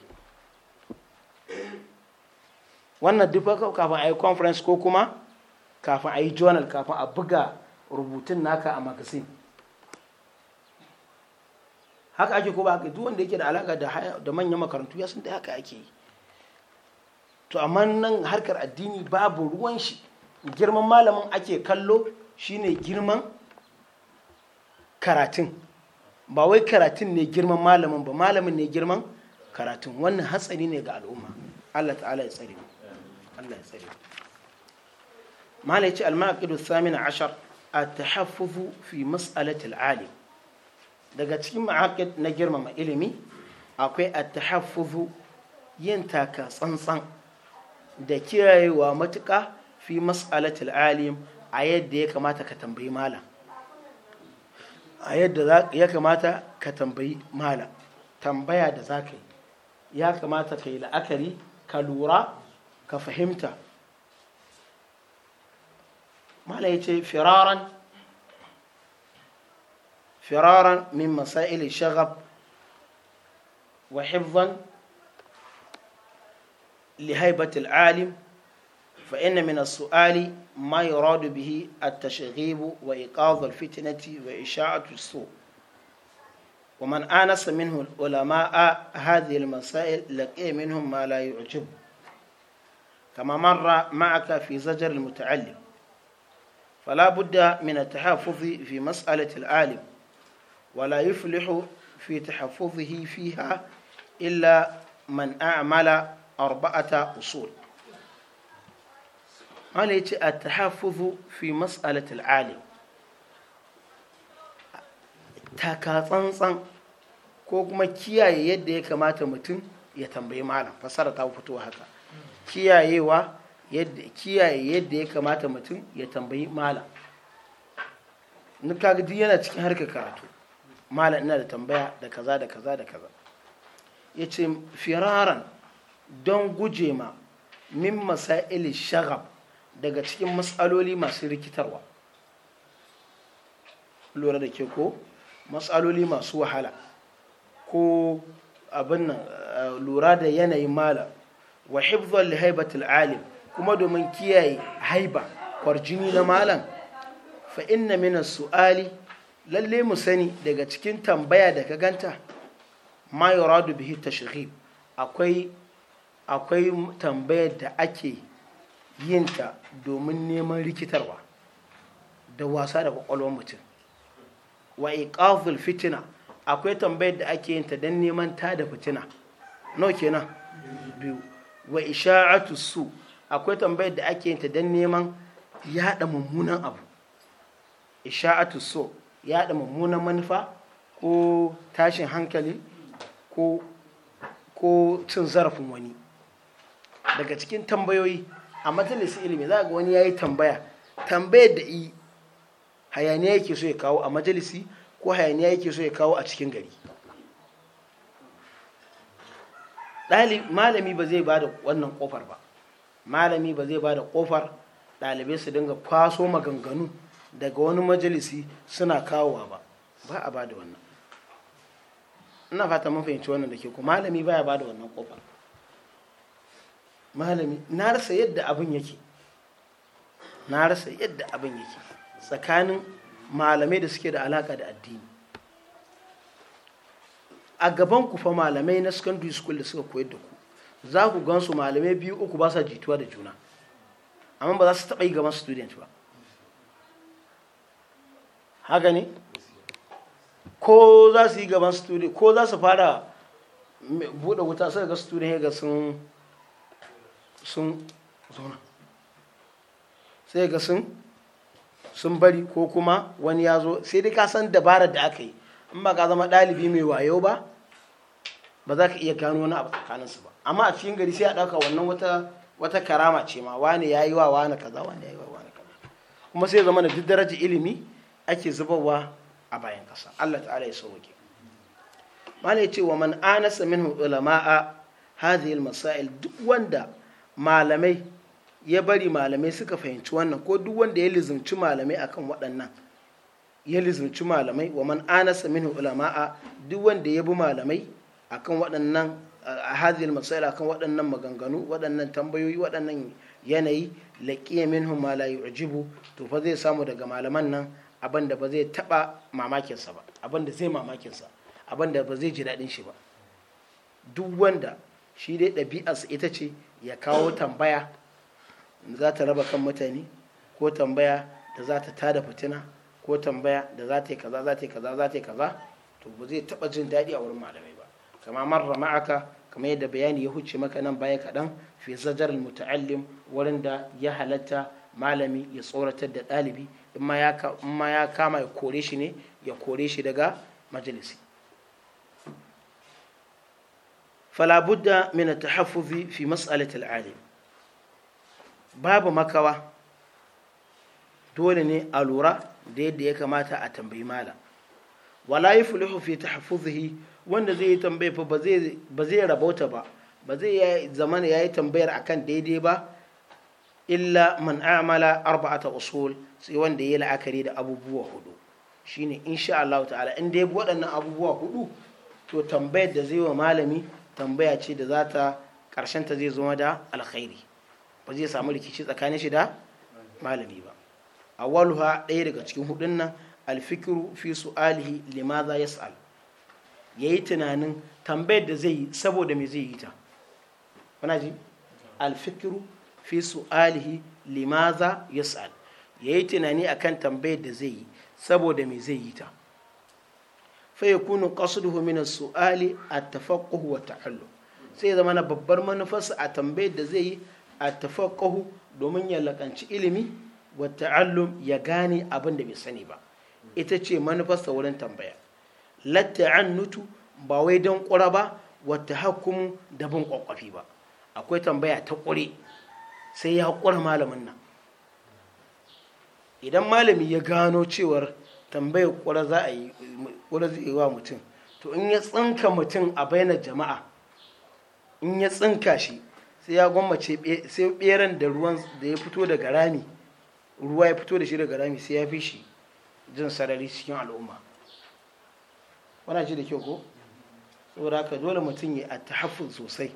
wannan duk kafin a yi conference ko kuma kafin a yi journal kafin a buga rubutun naka a magazine haka ake ko ba haka duk wanda yake da alaka da manyan makarantu ya sun da haka ake yi to amma nan harkar addini babu ruwan shi girman malamin ake kallo shine girman karatun ba wai karatun ne girman malamin ba malamin ne girman karatun wannan hatsari ne ga al'umma Allah ta'ala ya tsare Allah ya tsare mala yace al-maqidu thamina ashar at-tahaffufu fi mas'alati al-alim daga cikin ma'aqid na girmama ilimi akwai at-tahaffufu yin taka tsantsan da kiyayewa matuƙa fi mas'alatul alim a yadda ya kamata ka tambayi malam a yadda ya kamata ka tambayi malam tambaya da za ka yi ya kamata ka yi la'akari ka lura ka fahimta malam ya ce firaran firaran min masail shagab wa hibban لهيبة العالم فإن من السؤال ما يراد به التشغيب وإيقاظ الفتنة وإشاعة السوء ومن آنس منه العلماء هذه المسائل لقي منهم ما لا يعجبه كما مر معك في زجر المتعلم فلا بد من التحفظ في مسألة العالم ولا يفلح في تحفظه فيها إلا من أعمل arba'ata usul ya ce a hafufu fi mas'alatul alim ka tsantsan ko kuma kiyaye yadda ya kamata mutum ya tambayi malam fasara ta fito haka kiyayewa wa kiyaye yadda ya kamata mutum ya tambayi malam na kaga duk yana cikin harka karatu malam ina da tambaya da kaza da kaza da kaza ya ce firaran don guje ma min masa'ili shagab daga cikin matsaloli masu rikitarwa lura da ke ko matsaloli masu wahala ko abin nan eh, lura da yanayin mala wa hibzon lihaibatul alim kuma domin kiyaye haiba kwarjini na malam fa inna mina su'ali lalle mu sani daga cikin tambaya da ka ganta ma yuradu bihi tashrib akwai akwai tambayar da ake yinta domin neman rikitarwa da wasa da kwakwalwar mutum wa iqaful fitina akwai tambayar da ake yinta don neman ta da fitina nau kenan biyu wa isha'atu su akwai tambayar da ake yinta don neman yada mummunan abu isha'atu su yada mummunan manufa ko tashin hankali ko cin zarafin wani daga cikin tambayoyi a majalisi ilimi za ga wani ya yi tambaya tambayar da i hayaniya yake so ya kawo a majalisi ko hayaniya yake so ya kawo a cikin gari malami ba zai ba da wannan kofar ba malami ba zai ba da kofar ɗalibai su dinga kwaso maganganu daga wani majalisi suna kawowa ba ba a ba da wannan ina fata mun fahimci wannan da ke ku malami baya ba da wannan kofar malami na rasa yadda abin yake na rasa yadda abin yake tsakanin malamai da suke da alaka da addini a gaban ku fa malamai na secondary school da suka koyar da ku za ku gansu malamai biyu uku ba sa jituwa da juna amma ba za su taɓa yi gaban student ba haka ne ko za su yi gaban student ko za su fara buɗe wuta suka ga student ga sun sun zauna sai ga sun sun bari ko kuma wani ya zo sai dai ka san dabarar da aka yi in ba ka zama ɗalibi mai wayo ba ba za ka iya gano wani abu tsakaninsu ba amma a cikin gari sai a ɗauka wannan wata karama ce ma wani ya yi wa wani kaza wani ya yi wa wani kaza kuma sai zama da duk daraja ilimi ake zubarwa a bayan kasa Allah ta'ala ya sauke ya ce wa man anasa minhu a hadhihi al-masail duk wanda malamai ya bari malamai suka fahimci wannan ko duk wanda ya lizumci malamai akan waɗannan ya lizumci malamai wa man anasa ulama ulama'a duk wanda ya bi malamai akan waɗannan a hadhihi masail akan waɗannan maganganu waɗannan tambayoyi waɗannan yanayi laqiya minhum ma la yu'jibu to fa zai samu daga malaman nan abin da ba zai taba mamakin sa ba abin da zai mamakin sa abin da ba zai ji daɗin shi ba duk wanda shi dai ɗabi'arsa ita ce ya kawo tambaya da za ta raba kan mutane ko tambaya da za ta tada fitina ko tambaya da za ta yi kaza za ta yi kaza za ta yi kaza to ba zai taba jin daɗi a wurin malamai ba kama marra ma'aka kamar yadda bayani ya huce maka nan baya kaɗan fi zajar muta'allim wurin da ya halatta malami ya tsoratar da ɗalibi in ma ya kama ya kore shi ne ya kore shi daga majalisi فلا بد من التحفظ في مسألة العالم باب مكوى دولني ألورا دي دي كماتا أتنبي مالا ولا يفلح في تحفظه وان زي تنبي بزي ربوتا با بزي زمان يا تنبير أكان دي دي با إلا من أعمل أربعة أصول سيوان دي لأكري دا أبو بوا هدو شيني إن شاء الله تعالى إن دي بوا أبو بوا هدو تو تنبير دا زي ومالمي tambaya ce da za ta ta zai zama da alkhairi ba zai samu rikici tsakanin shi da malami ba a waluha ɗaya daga cikin hudun nan alfikiru fi su'alihi limaza yas'al yayi tunanin tambayar da zai yi saboda me zai yi ta ji alfikiru fi su'alihi limaza yas'al yayi tunani akan tambayar da zai yi saboda me zai yi ta fa ya kunu qasduhu min Ali suali tafa tafaqquh wa ta'allum sai ya zama na babbar manufarsa a tambayar da zai yi a tafaqquh domin ya lakanci ilimi wa ta'allum ya gane abin da bai sani ba ita ce manufarsa wurin tambaya nutu ba wai don kura ba wata hakumu da bin ƙwaƙwafi ba akwai tambaya ta ƙure sai ya kura malamin nan idan malami ya gano cewar tambayar kwara za a yi kwara zai wa mutum to in ya tsinka mutum a bainar jama'a in ya tsinka shi sai ya gwammace sai ɓeran da ruwan da ya fito daga rami ruwa ya fito da shi daga rami sai ya fi shi jin sarari cikin al'umma wana ce da kyau ko saboda haka dole mutum ya attahaffu sosai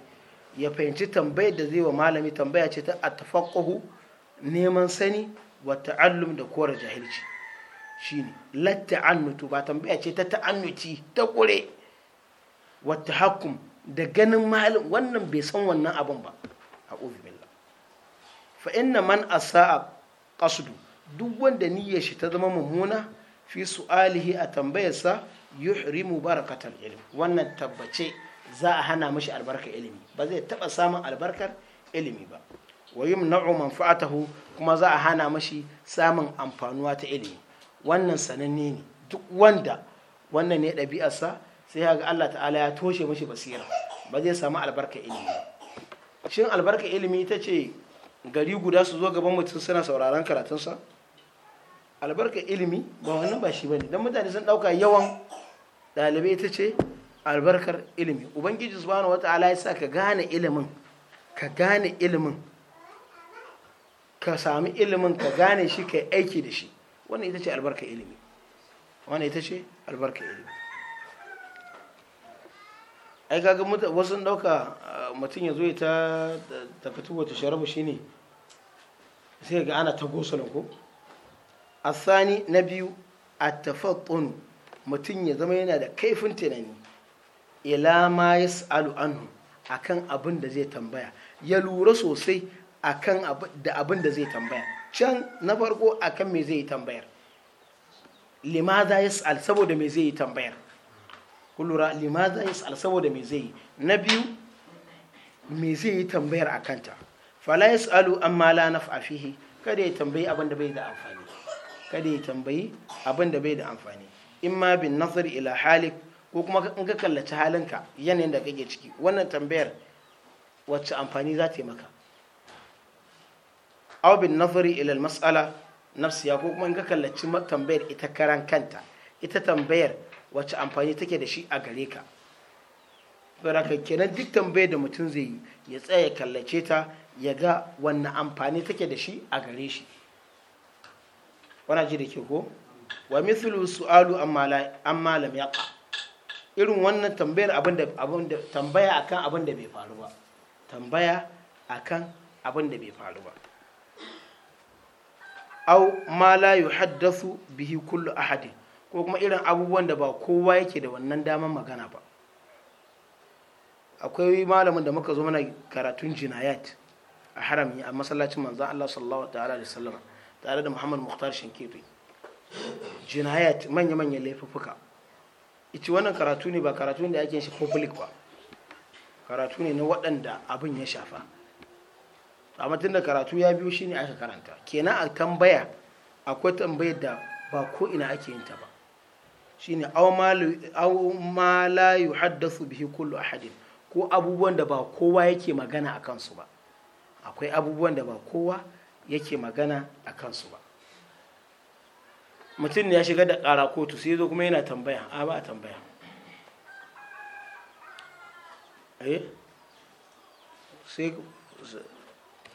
ya fahimci tambayar da zai wa malami tambaya ce ta attafaqahu neman sani wa ta'allum da kora jahilci shine latta'annutu ba tambaya ce ta ta'annuci ta kure wata hakum da ganin malin wannan bai san wannan abin ba a billah fa inna man a qasdu duk wanda niyyar shi ta zama mummuna fi su'alihi a tambayarsa yuhrimu barakatal ilm wannan tabbace za a hana mashi albarkar ilimi ba zai taba samun albarkar ilimi ba wa yumna'u manfa'atahu kuma za a hana mashi samun amfanuwa ta ilimi wannan sananne ne duk wanda wannan ne ɗabi'arsa sai ga Allah ta'ala ya toshe mashi basira ba zai samu albarka ilimi shin albarka ilimi ita ce gari guda su zo gaban mutum suna sauraron karatunsa albarka ilimi ba wannan ba shi ba ne don mutane sun ɗauka yawan ɗalibai ita ce albarkar ilimi ubangiji subhanahu wata'ala ya sa ka gane ilimin ka gane ilimin ka sami ilimin ka gane shi ka aiki da shi wannan ita ce albarka ilimi wannan ita ce albarka ilimi ai kaga wasu ɗauka ah, mutum ya zo ita ta tafi wata sharabu shine sai ga ana ta gosulin ko asani na biyu a tafattun mutum ya zama yana da kaifin tunani ila ma ya sa'alu anhu akan abin da zai tambaya ya lura sosai akan da abin da zai tambaya can na farko akan me zai yi tambayar limaza yas'al saboda me zai yi tambayar kullura limaza yas'al saboda me zai yi na biyu me zai yi tambayar a kanta fala yas'alu amma la naf'a fihi kada ya tambayi abin da bai da amfani kada ya tambayi abin da bai da amfani imma bin nazar ila halik ko kuma in ka kallaci halinka yanayin da kake ciki wannan tambayar wacce amfani za ta yi maka aw bin nazari ila al mas'ala nafsiya ko kuma in ka kallaci tambayar ita karan kanta ita tambayar wacce amfani take da shi a gare ka saboda kenan duk tambayar da mutum zai yi ya tsaya ya kallace ta ya ga wannan amfani take da shi a gare shi wana ji da ke ko wa mithlu su'alu amma lam yaqa irin wannan tambayar abin da abin da tambaya akan abin da bai faru ba tambaya akan abin da bai faru ba au ma la yuhaddathu bihi kullu ahadin ko kuma irin abubuwan da ba kowa yake da wannan daman magana ba akwai malamin da muka zo mana karatun jinayat a harami a masallacin manzan Allah sallallahu ta'ala da wasallam tare da Muhammad Mukhtar Shinkiti jinayat manya-manyan laifuka, ita wannan karatu ne ba karatu ne da ake shi public ba karatu ne na waɗanda abin ya shafa amma tun da karatu ya biyo shine aka karanta kenan a tambaya akwai tambayar da ba ko ina ake yin ta ba shine aw ma la yuhaddathu bihi kullu ahadin ko abubuwan da ba kowa yake magana a kansu ba akwai abubuwan da ba kowa yake magana a kansu ba mutum ne ya shiga da ƙara kotu sai zo kuma yana tambaya a ba a tambaya eh? sai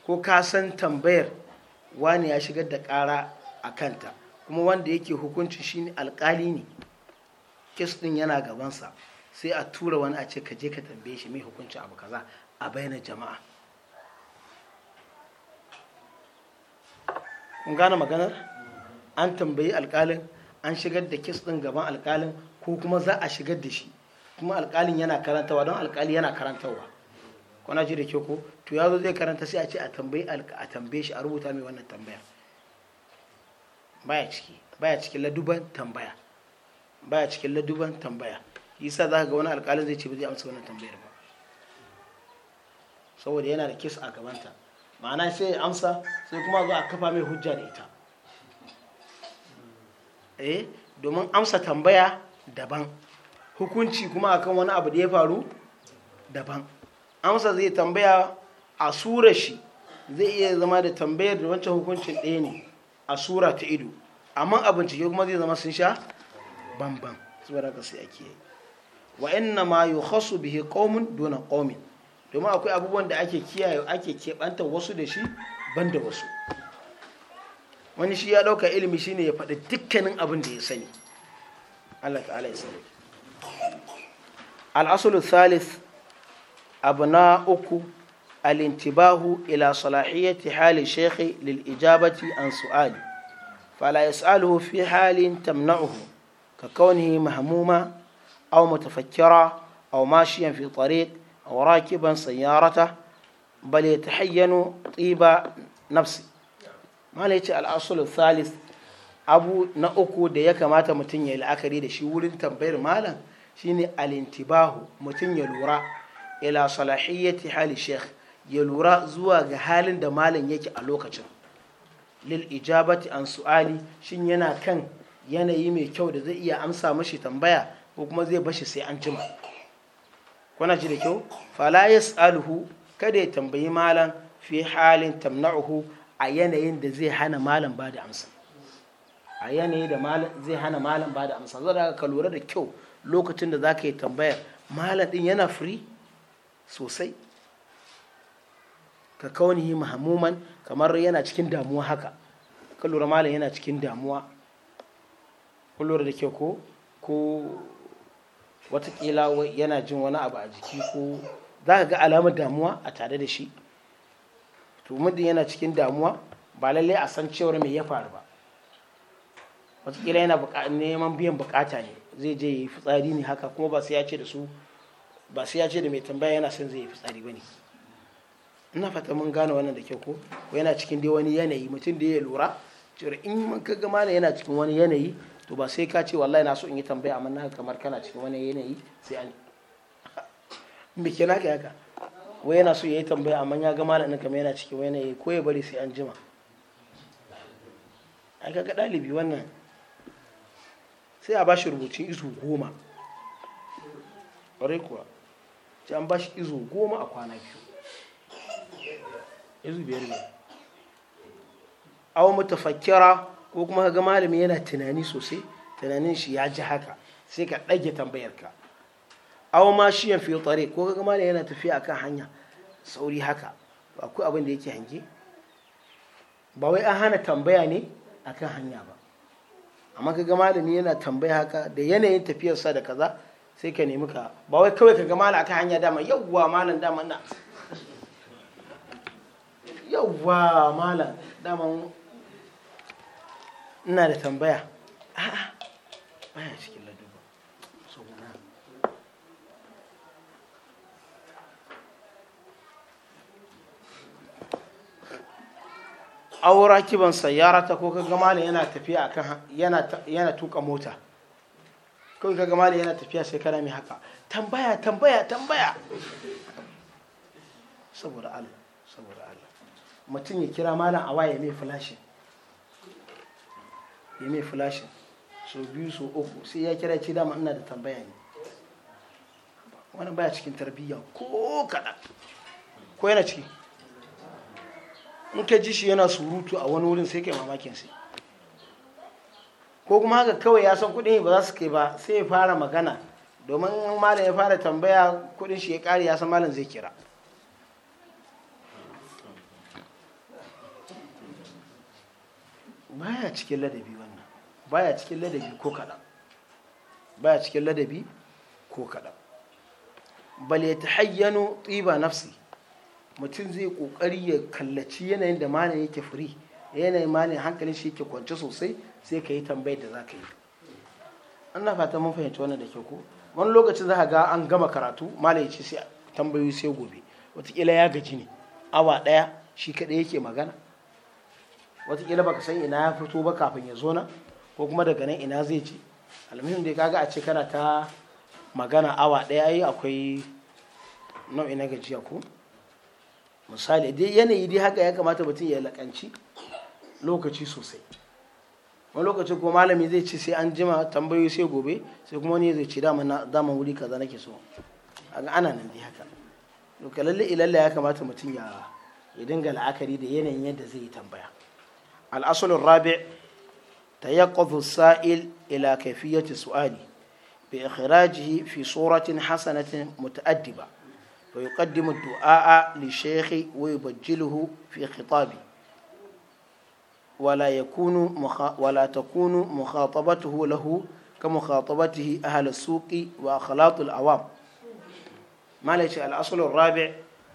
ko ka san tambayar wani ya shigar da kara a kanta kuma wanda yake hukunci shi ne alƙali ne kes din yana gabansa sai a tura wani a ce ka je ka tambaye shi mai hukunci abu kaza a bayyana jama'a kun gane maganar an tambayi alƙalin an shigar da kes din gaban alƙalin ko kuma za a shigar da shi kuma alkalin yana karantawa don alkali yana karantawa kuna ji da kyau ko to ya zo zai karanta sai a ce a tambayi a tambaye shi a rubuta mai wannan tambaya baya ciki baya cikin laduban tambaya baya cikin laduban tambaya yasa za ka ga wani alƙalin zai ce ba zai amsa wannan tambayar ba saboda yana da kisa a gabanta ma'ana sai ya amsa sai kuma zo a kafa mai hujja da ita eh domin amsa tambaya daban hukunci kuma akan wani abu da ya faru daban amsa zai tambaya a sura shi zai iya zama da tambayar da wancan hukuncin ɗaya ne a sura ta ido amma a bincike kuma zai zama sun sha bambam saboda haka sai ake yi wa na ma hasu bihe komin dona komin domin akwai abubuwan da ake kiyaye ake keɓanta wasu da shi ban da wasu wani shi ya ɗauka ilimi shi ne ya faɗi dukkanin abin da ya sani Allah ta'ala ya sani al abu na uku الانتباه إلى صلاحية حال الشيخ للإجابة عن سؤاله فلا يسأله في حال تمنعه ككونه مهموما أو متفكرا أو ماشيا في طريق أو راكبا سيارته بل يتحين طيب نفسه ما ليتي الأصل الثالث abu na uku da ya kamata mutum ya yi la'akari da shi wurin tambayar malam shine alintibahu mutum ya lura ila salahiyyati hali sheikh ya lura zuwa ga halin da malam yake a lokacin lil ijabati an su'ali shin yana kan yanayi mai kyau da zai iya amsa mashi tambaya ko kuma zai bashi sai an jima kuna ji da kyau fala yas'aluhu kada ya tambayi malam fi halin tamna'uhu a yanayin da zai hana malam ba amsa a yanayi da zai hana malan ba amsa zai ka lura da kyau lokacin da zaka yi tambayar malam din yana firi sosai ka kaunihi mahamuman kamar yana cikin damuwa haka ka lura yana cikin damuwa kun da ke ko ko watakila yana jin wani abu a jiki ko za ka ga alamar damuwa a tare da shi to muddin yana cikin damuwa ba lallai a san cewar mai ya faru ba watakila yana neman biyan bukata ne zai je yi fitsari ne haka kuma ba sai ya ce da su ba sai ya ce da mai tambaya yana son zai yi fitsari ba ne ina fata mun gane wannan da kyau ko yana cikin dai wani yanayi mutum da ya lura cewa in mun kaga mana yana cikin wani yanayi to ba sai ka ce wallahi na so in yi tambaya amma na kamar kana cikin wani yanayi sai an me ke naka haka wai yana so ya yi tambaya amma ya ga malamin kamar yana cikin wani yanayi ko ya bari sai an jima a ga ɗalibi wannan sai a ba shi rubutun izu goma ƙwarai kuwa sai an ba shi izu goma a kwana biyu izu biyar ne aw mutafakkira ko kuma ga malami yana tunani sosai tunanin shi ya ji haka sai ka ɗage tambayar ka ma shi yan fiye tare ko ga malami yana tafiya akan hanya sauri haka ku abin da yake hange ba wai an hana tambaya ne akan hanya ba amma ka ga malami yana tambaya haka da yanayin tafiyarsa da kaza sai ka nemi ka ba wai kawai ka ga malam akan hanya dama yawwa malam dama na yauwa malam daman ina da tambaya a baya cikin laduba sauna aura kiban ta ko kaga malam yana tafiya akan yana yana tuka mota ko kaga malam yana tafiya sai kana mai haka tambaya tambaya tambaya saboda Allah saboda Allah mutum ya kira malam awa ya mai flashin ya mai flashin so biyu so uku sai ya kira ce dama ina da tambaya ne wani baya cikin tarbiyya ko kaɗan ko yana ciki in ka ji shi yana surutu a wani wurin sai kai mamakin sai ko kuma haka kawai ya san kudin ba za su kai ba sai ya fara magana domin malam ya fara tambaya kuɗin shi ya kare ya san malam zai kira baya cikin ladabi wannan baya cikin ladabi ko kaɗan baya cikin ladabi ko kaɗan bal ya tsiba nafsi mutum zai kokari ya kallaci yanayin da malin yake firi yanayin malin hankalin shi yake kwance sosai sai ka yi tambayar da za ka yi ana fata mun fahimci wannan da ke ko wani lokacin za ka ga an gama karatu malai ce sai tambayoyi sai gobe wataƙila ya gaji ne awa ɗaya shi kaɗai yake magana watakila baka san ina ya fito ba kafin ya zo na ko kuma daga nan ina zai ce almuhim dai kaga a ce kana ta magana awa ɗaya ai akwai nau'i na gajiya ko misali dai yanayi dai haka ya kamata mutum ya lakanci lokaci sosai wani lokaci ko malami zai ce sai an jima tambayoyi sai gobe sai kuma wani zai ce dama wuri kaza nake so aga ana nan dai haka to lalle ilalla ya kamata mutum ya dinga la'akari da yanayin yadda zai yi tambaya الأصل الرابع تيقظ السائل إلى كيفية سؤاله بإخراجه في صورة حسنة متأدبة ويقدم الدعاء للشيخ ويبجله في خطابه ولا يكون مخ... ولا تكون مخاطبته له كمخاطبته أهل السوق وأخلاط الأوام ما الأصل الرابع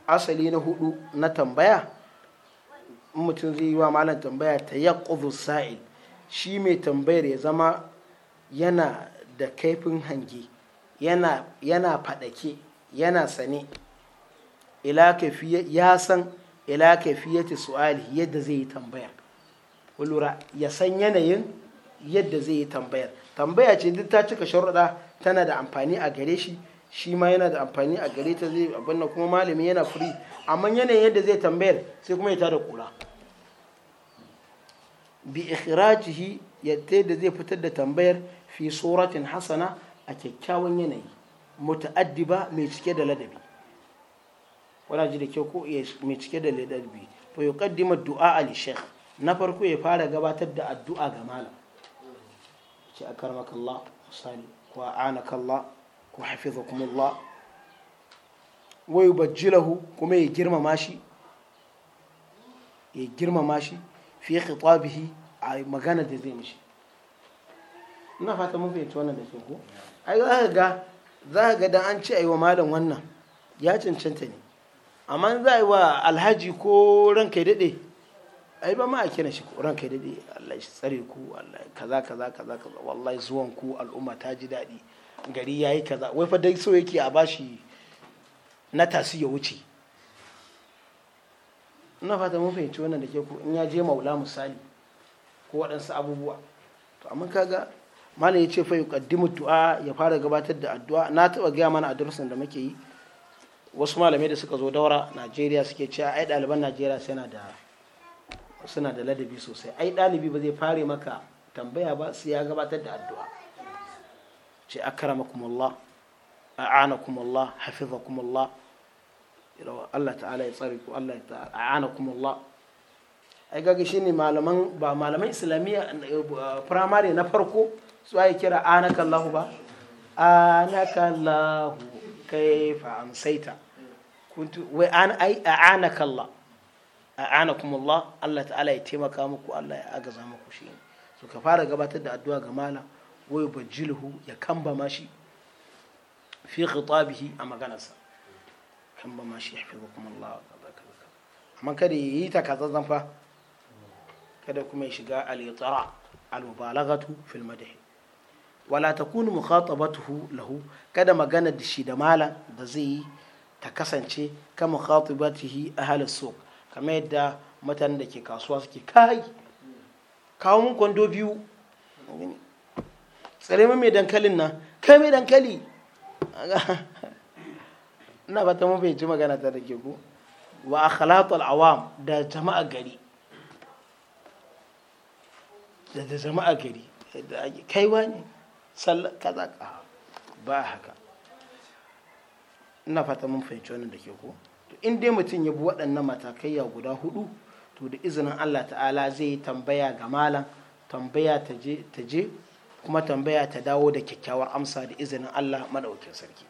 أصلينه نتنبيه in mutum zai yi wa malam tambaya ta yaqudu sa'il shi mai tambayar ya zama yana da kaifin hange yana faɗake yana sane ya san ila kafiyati su'ali yadda zai yi tambayar lura ya san yanayin yadda zai yi tambayar tambaya ce duk ta cika sharuɗa tana da amfani a gare shi shi ma yana da amfani a gare ta zai abin kuma malami yana firi amma yanayin yadda zai tambayar sai kuma ya ta da kura bi ikhrajihi yadda zai fitar da tambayar fi suratin hasana a kyakkyawan yanayi muta'addiba mai cike da ladabi wani ji da kyau ko eh, mai cike da ladabi fa yuqaddima du'a ali sheikh na farko ya fara gabatar da addu'a ga malam ce akarmakallah misali ko a'anakallah ko hafizakumullah wa yubajjilahu kuma ya girmama shi ya girmama shi fi khitabihi a magana da zai mishi ina fata mun fahimci wannan da ke ko ai za ka ga za ka ga dan an ce ai wa malam wannan ya cancanta ne amma za a yi wa alhaji ko ranka ya daɗe ai ba ma a kina shi ranka daɗe Allah shi tsare ku Allah kaza kaza kaza kaza wallahi zuwan ku al'umma ta ji daɗi gari ya yi kaza wai fa dai so yake a bashi na tasi ya wuce ina fata mun fahimci wannan da ke ku in ya je maula misali ko waɗansu abubuwa to amma kaga malam ya ce fa yuqaddimu du'a ya fara gabatar da addu'a na taba gaya mana a darussan da muke yi wasu malamai da suka zo daura Najeriya suke cewa ai ɗaliban Najeriya na da suna da ladabi sosai ai ɗalibi ba zai fare maka tambaya ba sai ya gabatar da addu'a ce akramakumullah a'anakumullah hafizakumullah Allah ta'ala ya tsare ku Allah ta'ala a'anakumullah ai gaga shine malaman ba malaman islamiyya eh, primary na farko su ai kira anaka Allahu ba anaka Allahu kaifa amsaita kuntu wai an ai anaka Allah a'anakum Allah Allah ta'ala ya taimaka muku Allah ya agaza muku shi so ka fara gabatar da addu'a ga malam wai bajilhu ya kamba mashi fi khitabihi a maganarsa kamba mashi ya fi Allah amma kada yi ta kazazzan fa kada kuma ya shiga al-itara al-mubalaghatu fil madh wala takunu mukhatabatuhu lahu kada magana da shi da malam da zai yi ta kasance ka mukhatabatihi ahli suq kamar yadda mutanen da ke kasuwa suke kai kawo mun kwando biyu tsare mai dankalin nan kai mai dankali ina fata ta mun fahimci magana ta da ke ku wa akhlaqul awam da jama'a gari da zama a gari da ake kaiwa ne kaza ba haka ina fata mun fahimci wannan da ke ko to in dai mutum ya bi waɗannan matakaiya guda hudu to da izinin Allah ta'ala zai tambaya ga malam tambaya ta je kuma tambaya ta dawo da kyakkyawar amsa da izinin Allah maɗaukin sarki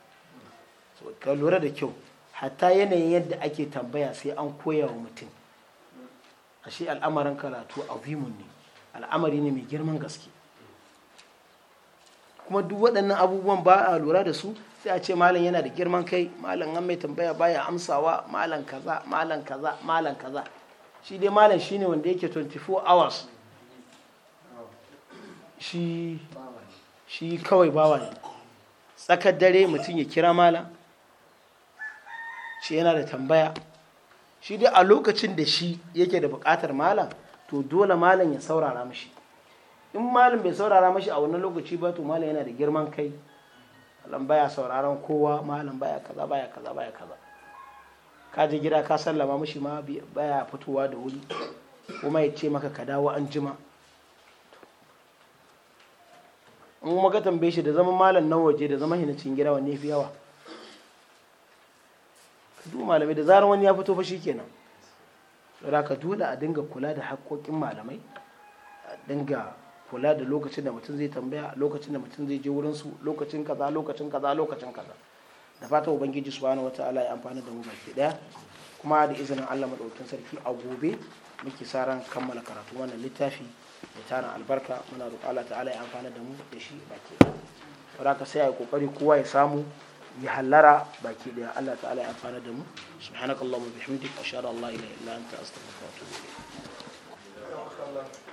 ka lura da kyau hatta yanayin yadda ake tambaya sai an koya wa mutum ashe al'amarin karatu azimun ne al'amari ne mai girman gaske kuma duk waɗannan abubuwan ba a lura da su sai a ce malam yana da girman kai malam an mai tambaya baya amsawa malam kaza malam kaza malam kaza shi dai malam shine wanda yake 24 hours shi shi kawai bawa ne tsakar dare mutum ya kira malam shi yana da tambaya shi dai a lokacin da shi yake da buƙatar malam to dole malam ya saurara mashi in malam bai saurara mashi a wannan lokaci ba to malam yana da girman kai malam baya sauraron kowa malam baya kaza baya kaza baya kaza ka je gida ka sallama mashi ma baya fitowa da wuri kuma ya ce maka ka dawo an jima in kuma ka tambaye shi da zaman malam na waje da zaman hinacin gida wanne fi yawa ka du malamai da zarar wani ya fito fa shikenan saboda ka dole a dinga kula da haƙoƙin malamai a dinga kula da lokacin da mutum zai tambaya lokacin da mutum zai je wurin su lokacin kaza lokacin kaza lokacin kaza da fata ubangiji subhanahu wataala ya amfana da mu baki daya kuma da izinin Allah madaukakin sarki a gobe muke sa ran kammala karatu wannan littafi da tarin albarka muna roƙa Allah ta'ala ya amfana da mu da shi baki daya saboda ka sai a kokari kowa ya samu yi hallara baki daya Allah ta'ala ya amfana da mu subhanakallahumma bihamdika ashhadu an la ilaha illa anta astaghfiruka wa atubu ilayk